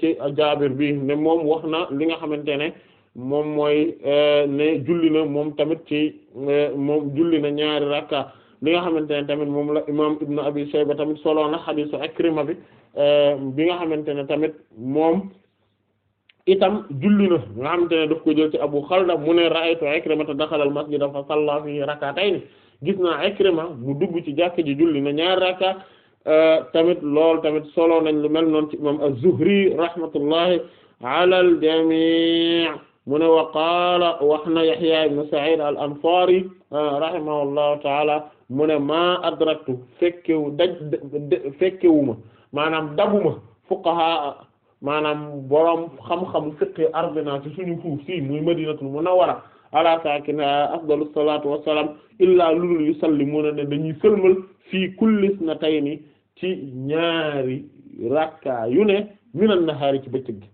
ci Jaabir bi ne moom wax na li nga xamante ne moom mooy ne julli na moom tamit ci moom julli na ñaari rakka li nga xamante ne tamit moom la imam Ibn Abi Shayba tamit solo na hadisu Ikrima bi bi nga xamante ne tamit moom itam julli na nga xamante ne daf Abu Xalda mu ne ra'aytu Ikrima te daxala al masjid fa salla fi rak'atayn gis naa Ikrima mu dugg ci jàkk ji julli na ñaari rakka euh, tamit lool tamit solo nañ lu mel noonu ci imam az-Zuhri rahmatullahi ala al-jami' mu ne wa qaala wax na Yahya ibn Sa'id al-Ansari euh, rahimahullahu ta'ala mu ne ma adraktu fekkewuma maanaam dabuma fuqaha maanaam borom xam-xamu fiqi arbina ci suñu suuf si muy madinatul munawwara ala saakina afdalu salaatu wassalaam illaa lulul yu salli mu ne ne dañuy sëlmal fii kullis na tey ni ci ñaari rakka yu ne minan nahaari ci bëccëg gi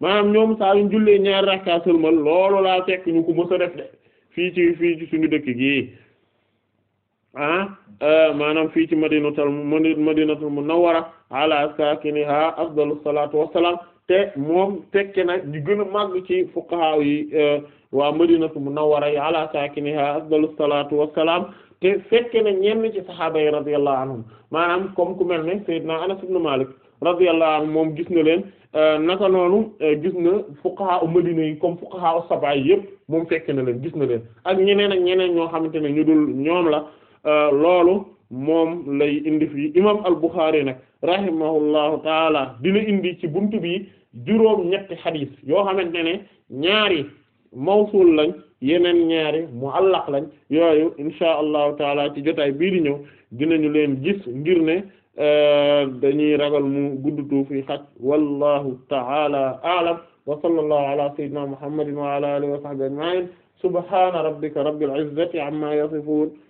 maanaam ñoom saa yu jullee ñaari rakka sëlmal loolu laa fekk ñu ko mës def de fii ci fii ci suñu dëkk gi Ah, ah maanaam fii ci madinatul madinatul munawwara ala sakiniha afdalu salatu wassalam te moom tekke na di gën a màgg ci fuqaha yi eh, waa madinatul munawwara yi ala sakiniha afdalu salatu wassalam te fekke na ñenn ci sahaaba yi radiyallahu anhum maanaam comme ku mel ne sayyidina Anas ibn Malik radiyallahu anhu moom gis na leen eh, naka noonu eh, gis na fuqaha u Madina yi comme fuqaha sabaa yi yëpp moom fekke na leen gis na leen ak ñeneen ak ñeneen ñoo xamante ne ñu la Euh, loolu moom lay indi fii imam al-Bukhari nag rahimahullahu taala dina indi ci buntu bi juróom ñetti xadis yoo xamante ne ñaari mawsul lañ yeneen ñaari muallaq lañ yooyu insha allahu taala ci jotaay bii di ñëw dinañu leen gis ngir ne euh, dañuy ragal mu guddutu fi xaj wallahu taala aalam wa sallallahu ala sayyidina muhammadin wa ala alihi wa sahbihi ajma'in subhana rabbika rabbil izzati amma yasifun